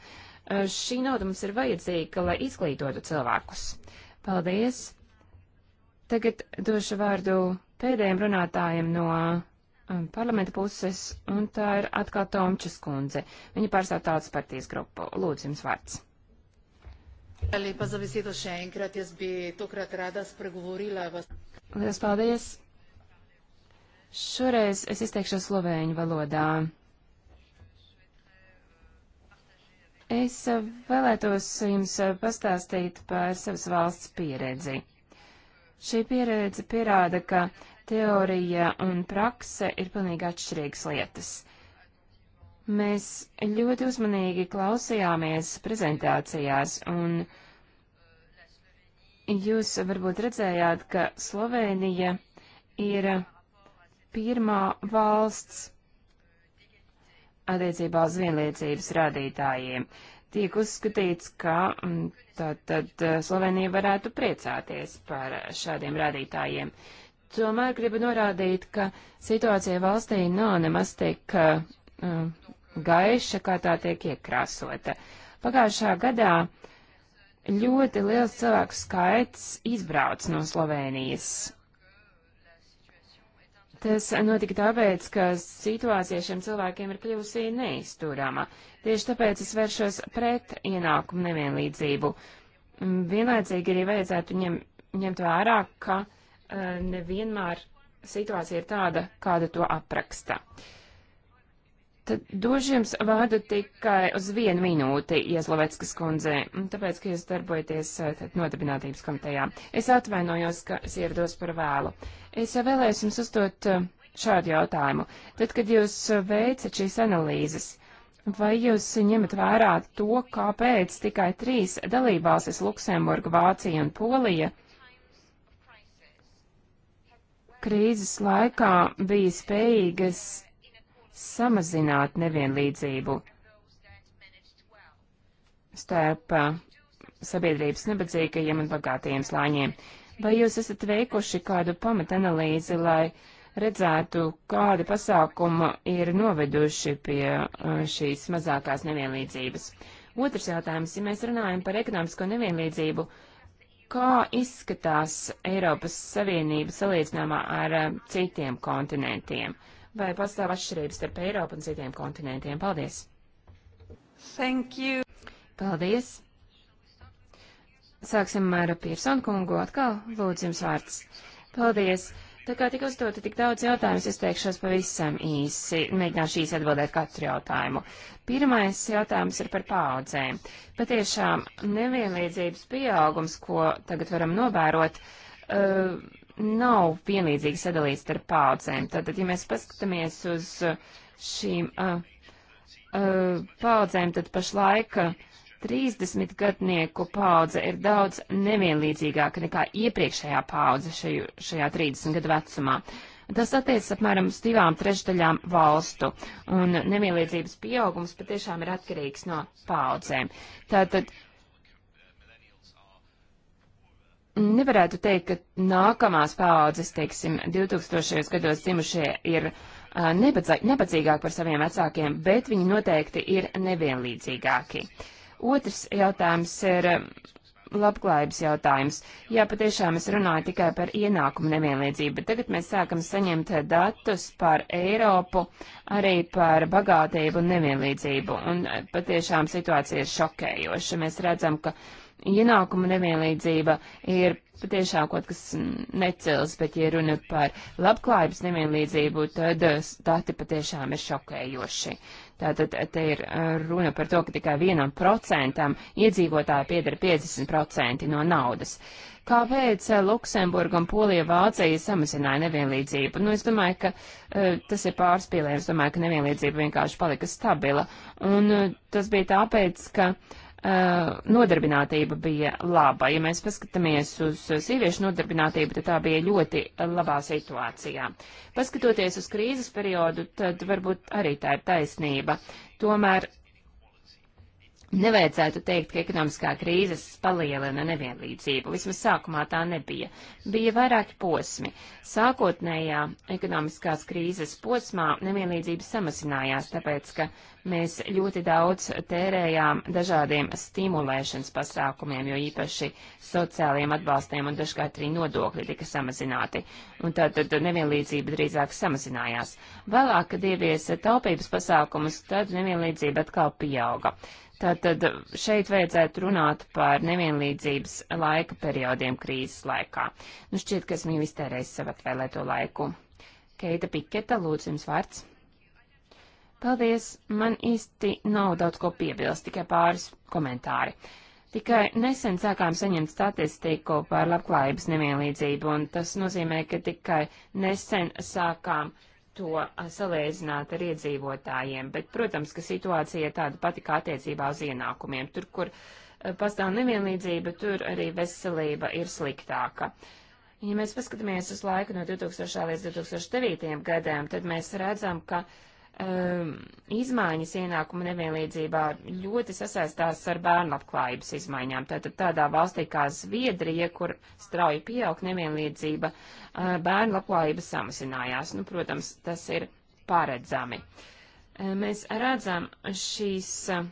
Šī nauda mums ir vajadzīga, lai izglītotu cilvēkus. Paldies! Tagad došu vārdu pēdējiem runātājiem no Um, parlamenta puses, un tā ir atkal Tomčas kundze. Viņa pārstāv tautas partijas grupu. Lūdzu, jums vārds. Lepa za besedo še enkrat. Jaz bi tokrat rada spregovorila. Lielas paldies. Šoreiz es izteikšu slovēņu valodā. Es vēlētos jums pastāstīt par savas valsts pieredzi. Šī pieredze pierāda, ka teorija un prakse ir pilnīgi atšķirīgas lietas. Mēs ļoti uzmanīgi klausījāmies prezentācijās, un jūs varbūt redzējāt, ka Slovenija ir pirmā valsts attiecībā uz vienlīdzības rādītājiem. Tiek uzskatīts, ka mm, tad, tad Slovenija varētu priecāties par šādiem rādītājiem. Uh, tomēr gribu norādīt, ka situācija valstī nav nemaz tik uh, um, gaiša, kā tā tiek iekrāsota. Pagājušā gadā ļoti liels cilvēku skaits izbrauc no Slovenijas. Tas notika tāpēc, ka situācija šiem cilvēkiem ir kļuvusi neizturama. Tieši tāpēc es vēršos pret ienākumu nevienlīdzību. Vienlaicīgi arī vajadzētu ņem, ņemt vērā, ka uh, Eh, nevienmēr situācija ir tāda, kāda to apraksta. Tad došu jums vārdu tikai uz vienu minūti, Iezlovetskas kundze, tāpēc, ka jūs darbojaties eh, nodarbinātības komitejā. Es atvainojos, ka es ierados par vēlu. Es vēlējos jums uzdot eh, šādu jautājumu. Tad, kad jūs veicat šīs analīzes, Vai jūs ņemat vērā to, kāpēc tikai trīs dalībvalstis - Luksemburga, Vācija un Polija krīzes laikā bija spējīgas samazināt nevienlīdzību starp uh, sabiedrības nebadzīgajiem un bagātajiem slāņiem. Vai jūs esat veikuši kādu pamatanalīzi, lai redzētu, kādi pasākumi ir noveduši pie uh, šīs mazākās nevienlīdzības? Otrs jautājums, ja mēs runājam par ekonomisko nevienlīdzību, uh, Kā izskatās Eiropas Savienība salīdzināmā ar uh, citiem kontinentiem? Vai pastāv atšķirības starp Eiropu un citiem kontinentiem? Paldies! Thank you! Paldies! Sāksim ar Piersonkungu atkal. Lūdzu, jums vārds. Paldies! Tā kā tika uzdota tik daudz jautājumus, es teikšos pavisam īsi, mēģināšu īsi atbildēt katru jautājumu. Pirmais jautājums ir par paudzēm. Patiešām nevienlīdzības pieaugums, ko tagad varam novērot, uh, nav vienlīdzīgi sadalīts ar paudzēm. Tātad, ja mēs paskatāmies uz šīm uh, uh, paudzēm, tad pašlaika uh, 30 gadnieku paudze ir daudz nevienlīdzīgāka nekā iepriekšējā paudze šaju, šajā 30 gadu vecumā. Tas attiecas apmēram uz divām trešdaļām valstu, un nevienlīdzības pieaugums patiešām ir atkarīgs no paudzēm. Tātad nevarētu teikt, ka nākamās paudzes, teiksim, 2000. gados dzimušie ir uh, nebadzīgāki par saviem vecākiem, bet viņi noteikti ir nevienlīdzīgāki. Uh, Otrs jautājums ir um, labklājības jautājums. Jā, patiešām es runāju tikai par ienākumu nevienlīdzību, bet tagad mēs sākam saņemt datus par Eiropu, arī par bagātību un nevienlīdzību. Un eh, patiešām situācija ir šokējoša. Mēs redzam, ka ienākumu nevienlīdzība ir patiešām kaut kas necils, bet ja runa par labklājības nevienlīdzību, tad eh, dati patiešām ir šokējoši. Uh, Tātad te ir eh, runa par to, ka tikai vienam procentam iedzīvotāji piedara 50% no naudas. Kāpēc eh, Luksemburga un Polija Vācija samazināja nevienlīdzību? Nu, es domāju, ka uh, tas ir pārspīlējums. Es domāju, ka nevienlīdzība vienkārši palika stabila. Un uh, tas bija tāpēc, ka uh, Eh, nodarbinātība bija laba. Ja mēs paskatāmies uz sieviešu nodarbinātību, tad tā bija ļoti labā situācijā. Paskatoties uz krīzes periodu, tad varbūt arī tā ir taisnība. Tomēr Nevajadzētu teikt, ka ekonomiskā krīzes palielina nevienlīdzību. Vismaz sākumā tā nebija. Bija vairāki posmi. Sākotnējā ekonomiskās krīzes posmā nevienlīdzība samazinājās, tāpēc, ka mēs ļoti daudz tērējām dažādiem stimulēšanas pasākumiem, jo īpaši sociālajiem atbalstiem un dažkārt arī nodokļi tika samazināti. Un tad, tad nevienlīdzība drīzāk samazinājās. Vēlāk, kad ieviesa taupības pasākumus, tad nevienlīdzība atkal pieauga. Tātad šeit vajadzētu runāt par nevienlīdzības laika periodiem krīzes laikā. Nu šķiet, ka esmu jau iztērējis savu atvēlēto laiku. Keita Piketa, lūdzu jums vārds. Paldies, man īsti nav daudz ko piebilst, tikai pāris komentāri. Tikai nesen sākām saņemt statistiku par labklājības nevienlīdzību, un tas nozīmē, ka tikai nesen sākām uh, to salīdzināt ar iedzīvotājiem, bet, protams, ka situācija ir tāda pati kā attiecībā uz ienākumiem. Tur, kur pastāv nevienlīdzība, tur arī veselība ir sliktāka. Ja mēs paskatāmies uz laiku no 2000. līdz 2009. gadiem, tad mēs redzam, ka uh, um, izmaiņas ienākuma nevienlīdzībā ļoti sasaistās ar bērnu labklājības izmaiņām. Tātad tādā valstī kā Zviedrija, kur strauji pieaug nevienlīdzība, uh, bērnu labklājība samazinājās. Nu, protams, tas ir paredzami. Uh, mēs redzam šīs. Uh,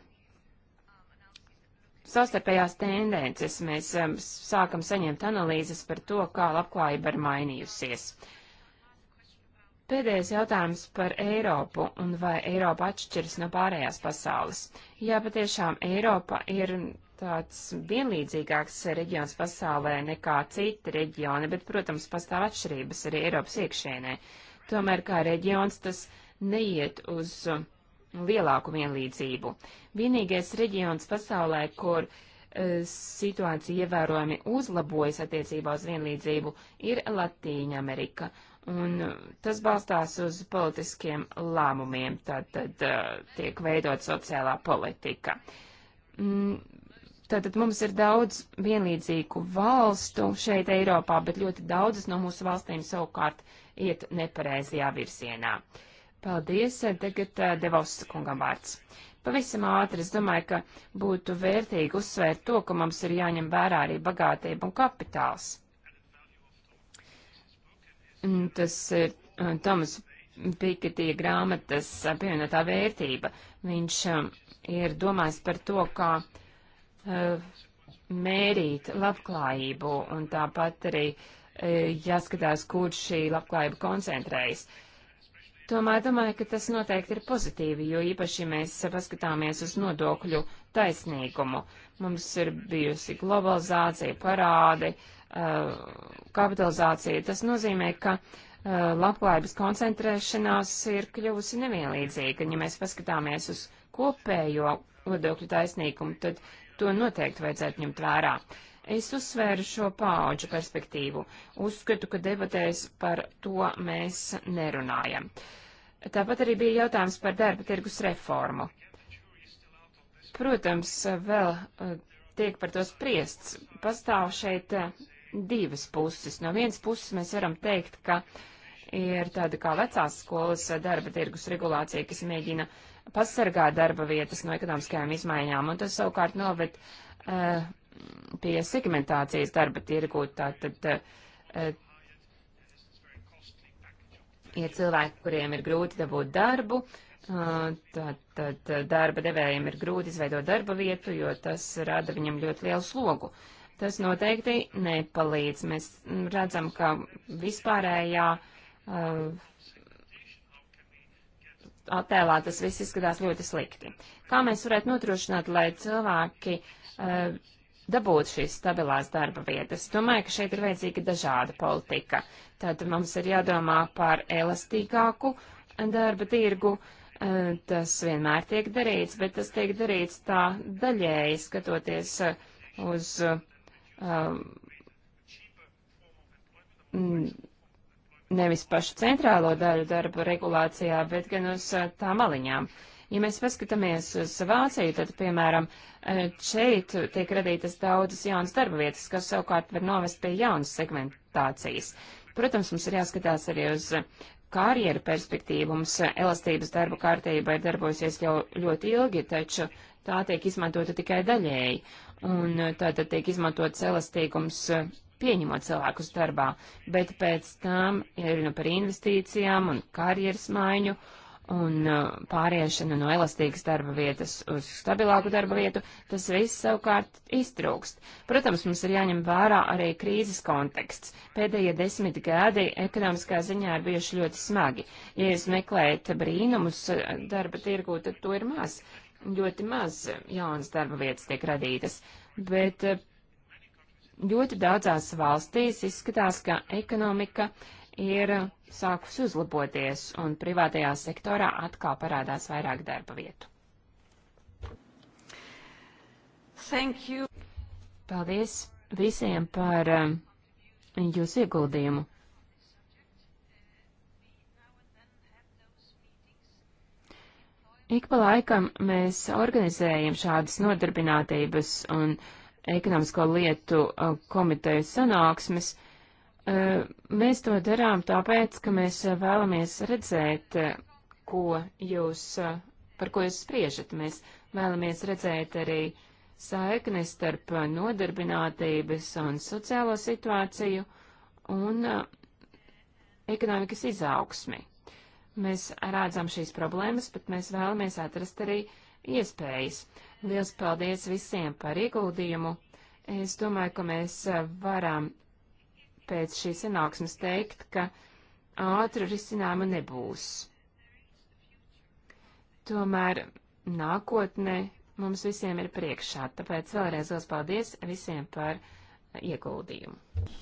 savstarpējās tendences mēs um, sākam saņemt analīzes par to, kā labklājība ir mainījusies. Uh, Pēdējais jautājums par Eiropu un vai Eiropa atšķiras no pārējās pasaules. Jā, patiešām Eiropa ir tāds vienlīdzīgāks reģions pasaulē nekā citi reģioni, bet, protams, pastāv atšķirības arī Eiropas iekšēnē. Tomēr kā reģions tas neiet uz lielāku vienlīdzību. Vienīgais reģions pasaulē, kur e, situācija ievērojami uzlabojas attiecībā uz vienlīdzību, ir Latīņa Amerika, Un uh, tas balstās uz politiskiem lēmumiem, tātad uh, tiek veidot sociālā politika. Tātad mm, mums ir daudz vienlīdzīgu valstu šeit Eiropā, bet ļoti daudzas no mūsu valstīm savukārt iet nepareizajā virzienā. Paldies, tagad uh, Devausa kungam vārds. Pavisam ātri, es domāju, ka būtu vērtīgi uzsvērt to, ka mums ir jāņem vērā arī bagātība un kapitāls. Mm, tas ir uh, Tomas Piketija grāmatas pievienotā vērtība. Viņš um, ir domājis par to, kā uh, mērīt labklājību un tāpat arī uh, jāskatās, kur šī labklājība koncentrējas. Tomēr domāju, ka tas noteikti ir pozitīvi, jo īpaši mēs paskatāmies uz nodokļu taisnīgumu. Mums ir bijusi globalizācija, parādi, uh, Uh, kapitalizācija. Tas nozīmē, ka uh, labklājības koncentrēšanās ir kļuvusi nevienlīdzīga. Ja mēs paskatāmies uz kopējo nodokļu taisnīgumu, tad to noteikti vajadzētu ņemt vērā. Es uzsvēru šo paauģu perspektīvu. Uzskatu, ka debatēs par to mēs nerunājam. Tāpat arī bija jautājums par darba tirgus reformu. Protams, vēl uh, tiek par to spriests. Pastāv šeit divas puses. No vienas puses mēs varam teikt, ka ir tāda kā vecās skolas darba tirgus regulācija, kas mēģina pasargāt darba vietas no ekonomiskajām izmaiņām, un tas savukārt noved uh, pie segmentācijas darba tirgu. Tātad uh, ir cilvēki, kuriem ir grūti dabūt darbu, eh, Tad, tad darba devējiem ir grūti izveidot darba vietu, jo tas rada viņam ļoti lielu slogu tas noteikti nepalīdz. Mēs redzam, ka vispārējā uh, attēlā tas viss izskatās ļoti slikti. Kā mēs varētu nodrošināt, lai cilvēki uh, dabūtu šīs stabilās darba vietas? Domāju, ka šeit ir vajadzīga dažāda politika. Tad mums ir jādomā par elastīgāku darba tirgu. Uh, tas vienmēr tiek darīts, bet tas tiek darīts tā daļēji, skatoties uh, uz uh, um, nevis pašu centrālo daļu darba regulācijā, bet gan uz uh, tā maliņām. Ja mēs paskatāmies uz Vāciju, tad, piemēram, uh, šeit tiek radītas daudzas jaunas darba vietas, kas savukārt var novest pie jaunas segmentācijas. Protams, mums ir jāskatās arī uz uh, karjeru perspektīvu. Mums elastības darba kārtība ir darbojusies jau ļoti ilgi, taču tā tiek izmantota tikai daļēji un eh, tātad tiek izmantots elastīgums eh, pieņemot cilvēkus darbā, bet pēc tam ir nu par investīcijām un karjeras maiņu un eh, pāriešanu no elastīgas darba vietas uz stabilāku darba vietu, tas viss savukārt iztrūkst. Protams, mums ir jāņem vērā arī krīzes konteksts. Pēdējie desmit gadi ekonomiskā ziņā ir bijuši ļoti smagi. Ja jūs meklējat brīnumus darba tirgū, tad to ir maz ļoti maz jaunas darba vietas tiek radītas, bet eh, ļoti daudzās valstīs izskatās, ka ekonomika ir sākus uzlaboties un privātajā sektorā atkal parādās vairāk darba vietu. Thank you. Paldies visiem par eh, jūsu ieguldījumu. Ik pa laikam mēs organizējam šādas nodarbinātības un ekonomisko lietu komiteju sanāksmes. Mēs to darām tāpēc, ka mēs vēlamies redzēt, ko jūs, par ko jūs spriežat. Mēs vēlamies redzēt arī saikni starp nodarbinātības un sociālo situāciju un ekonomikas izaugsmi. Mēs rādzam šīs problēmas, bet mēs vēlamies atrast arī iespējas. Liels paldies visiem par ieguldījumu. Es domāju, ka mēs eh, varam pēc šīs sanāksmes teikt, ka ātru risinājumu nebūs. Tomēr nākotnē mums visiem ir priekšā, tāpēc vēlreiz liels paldies visiem par ieguldījumu.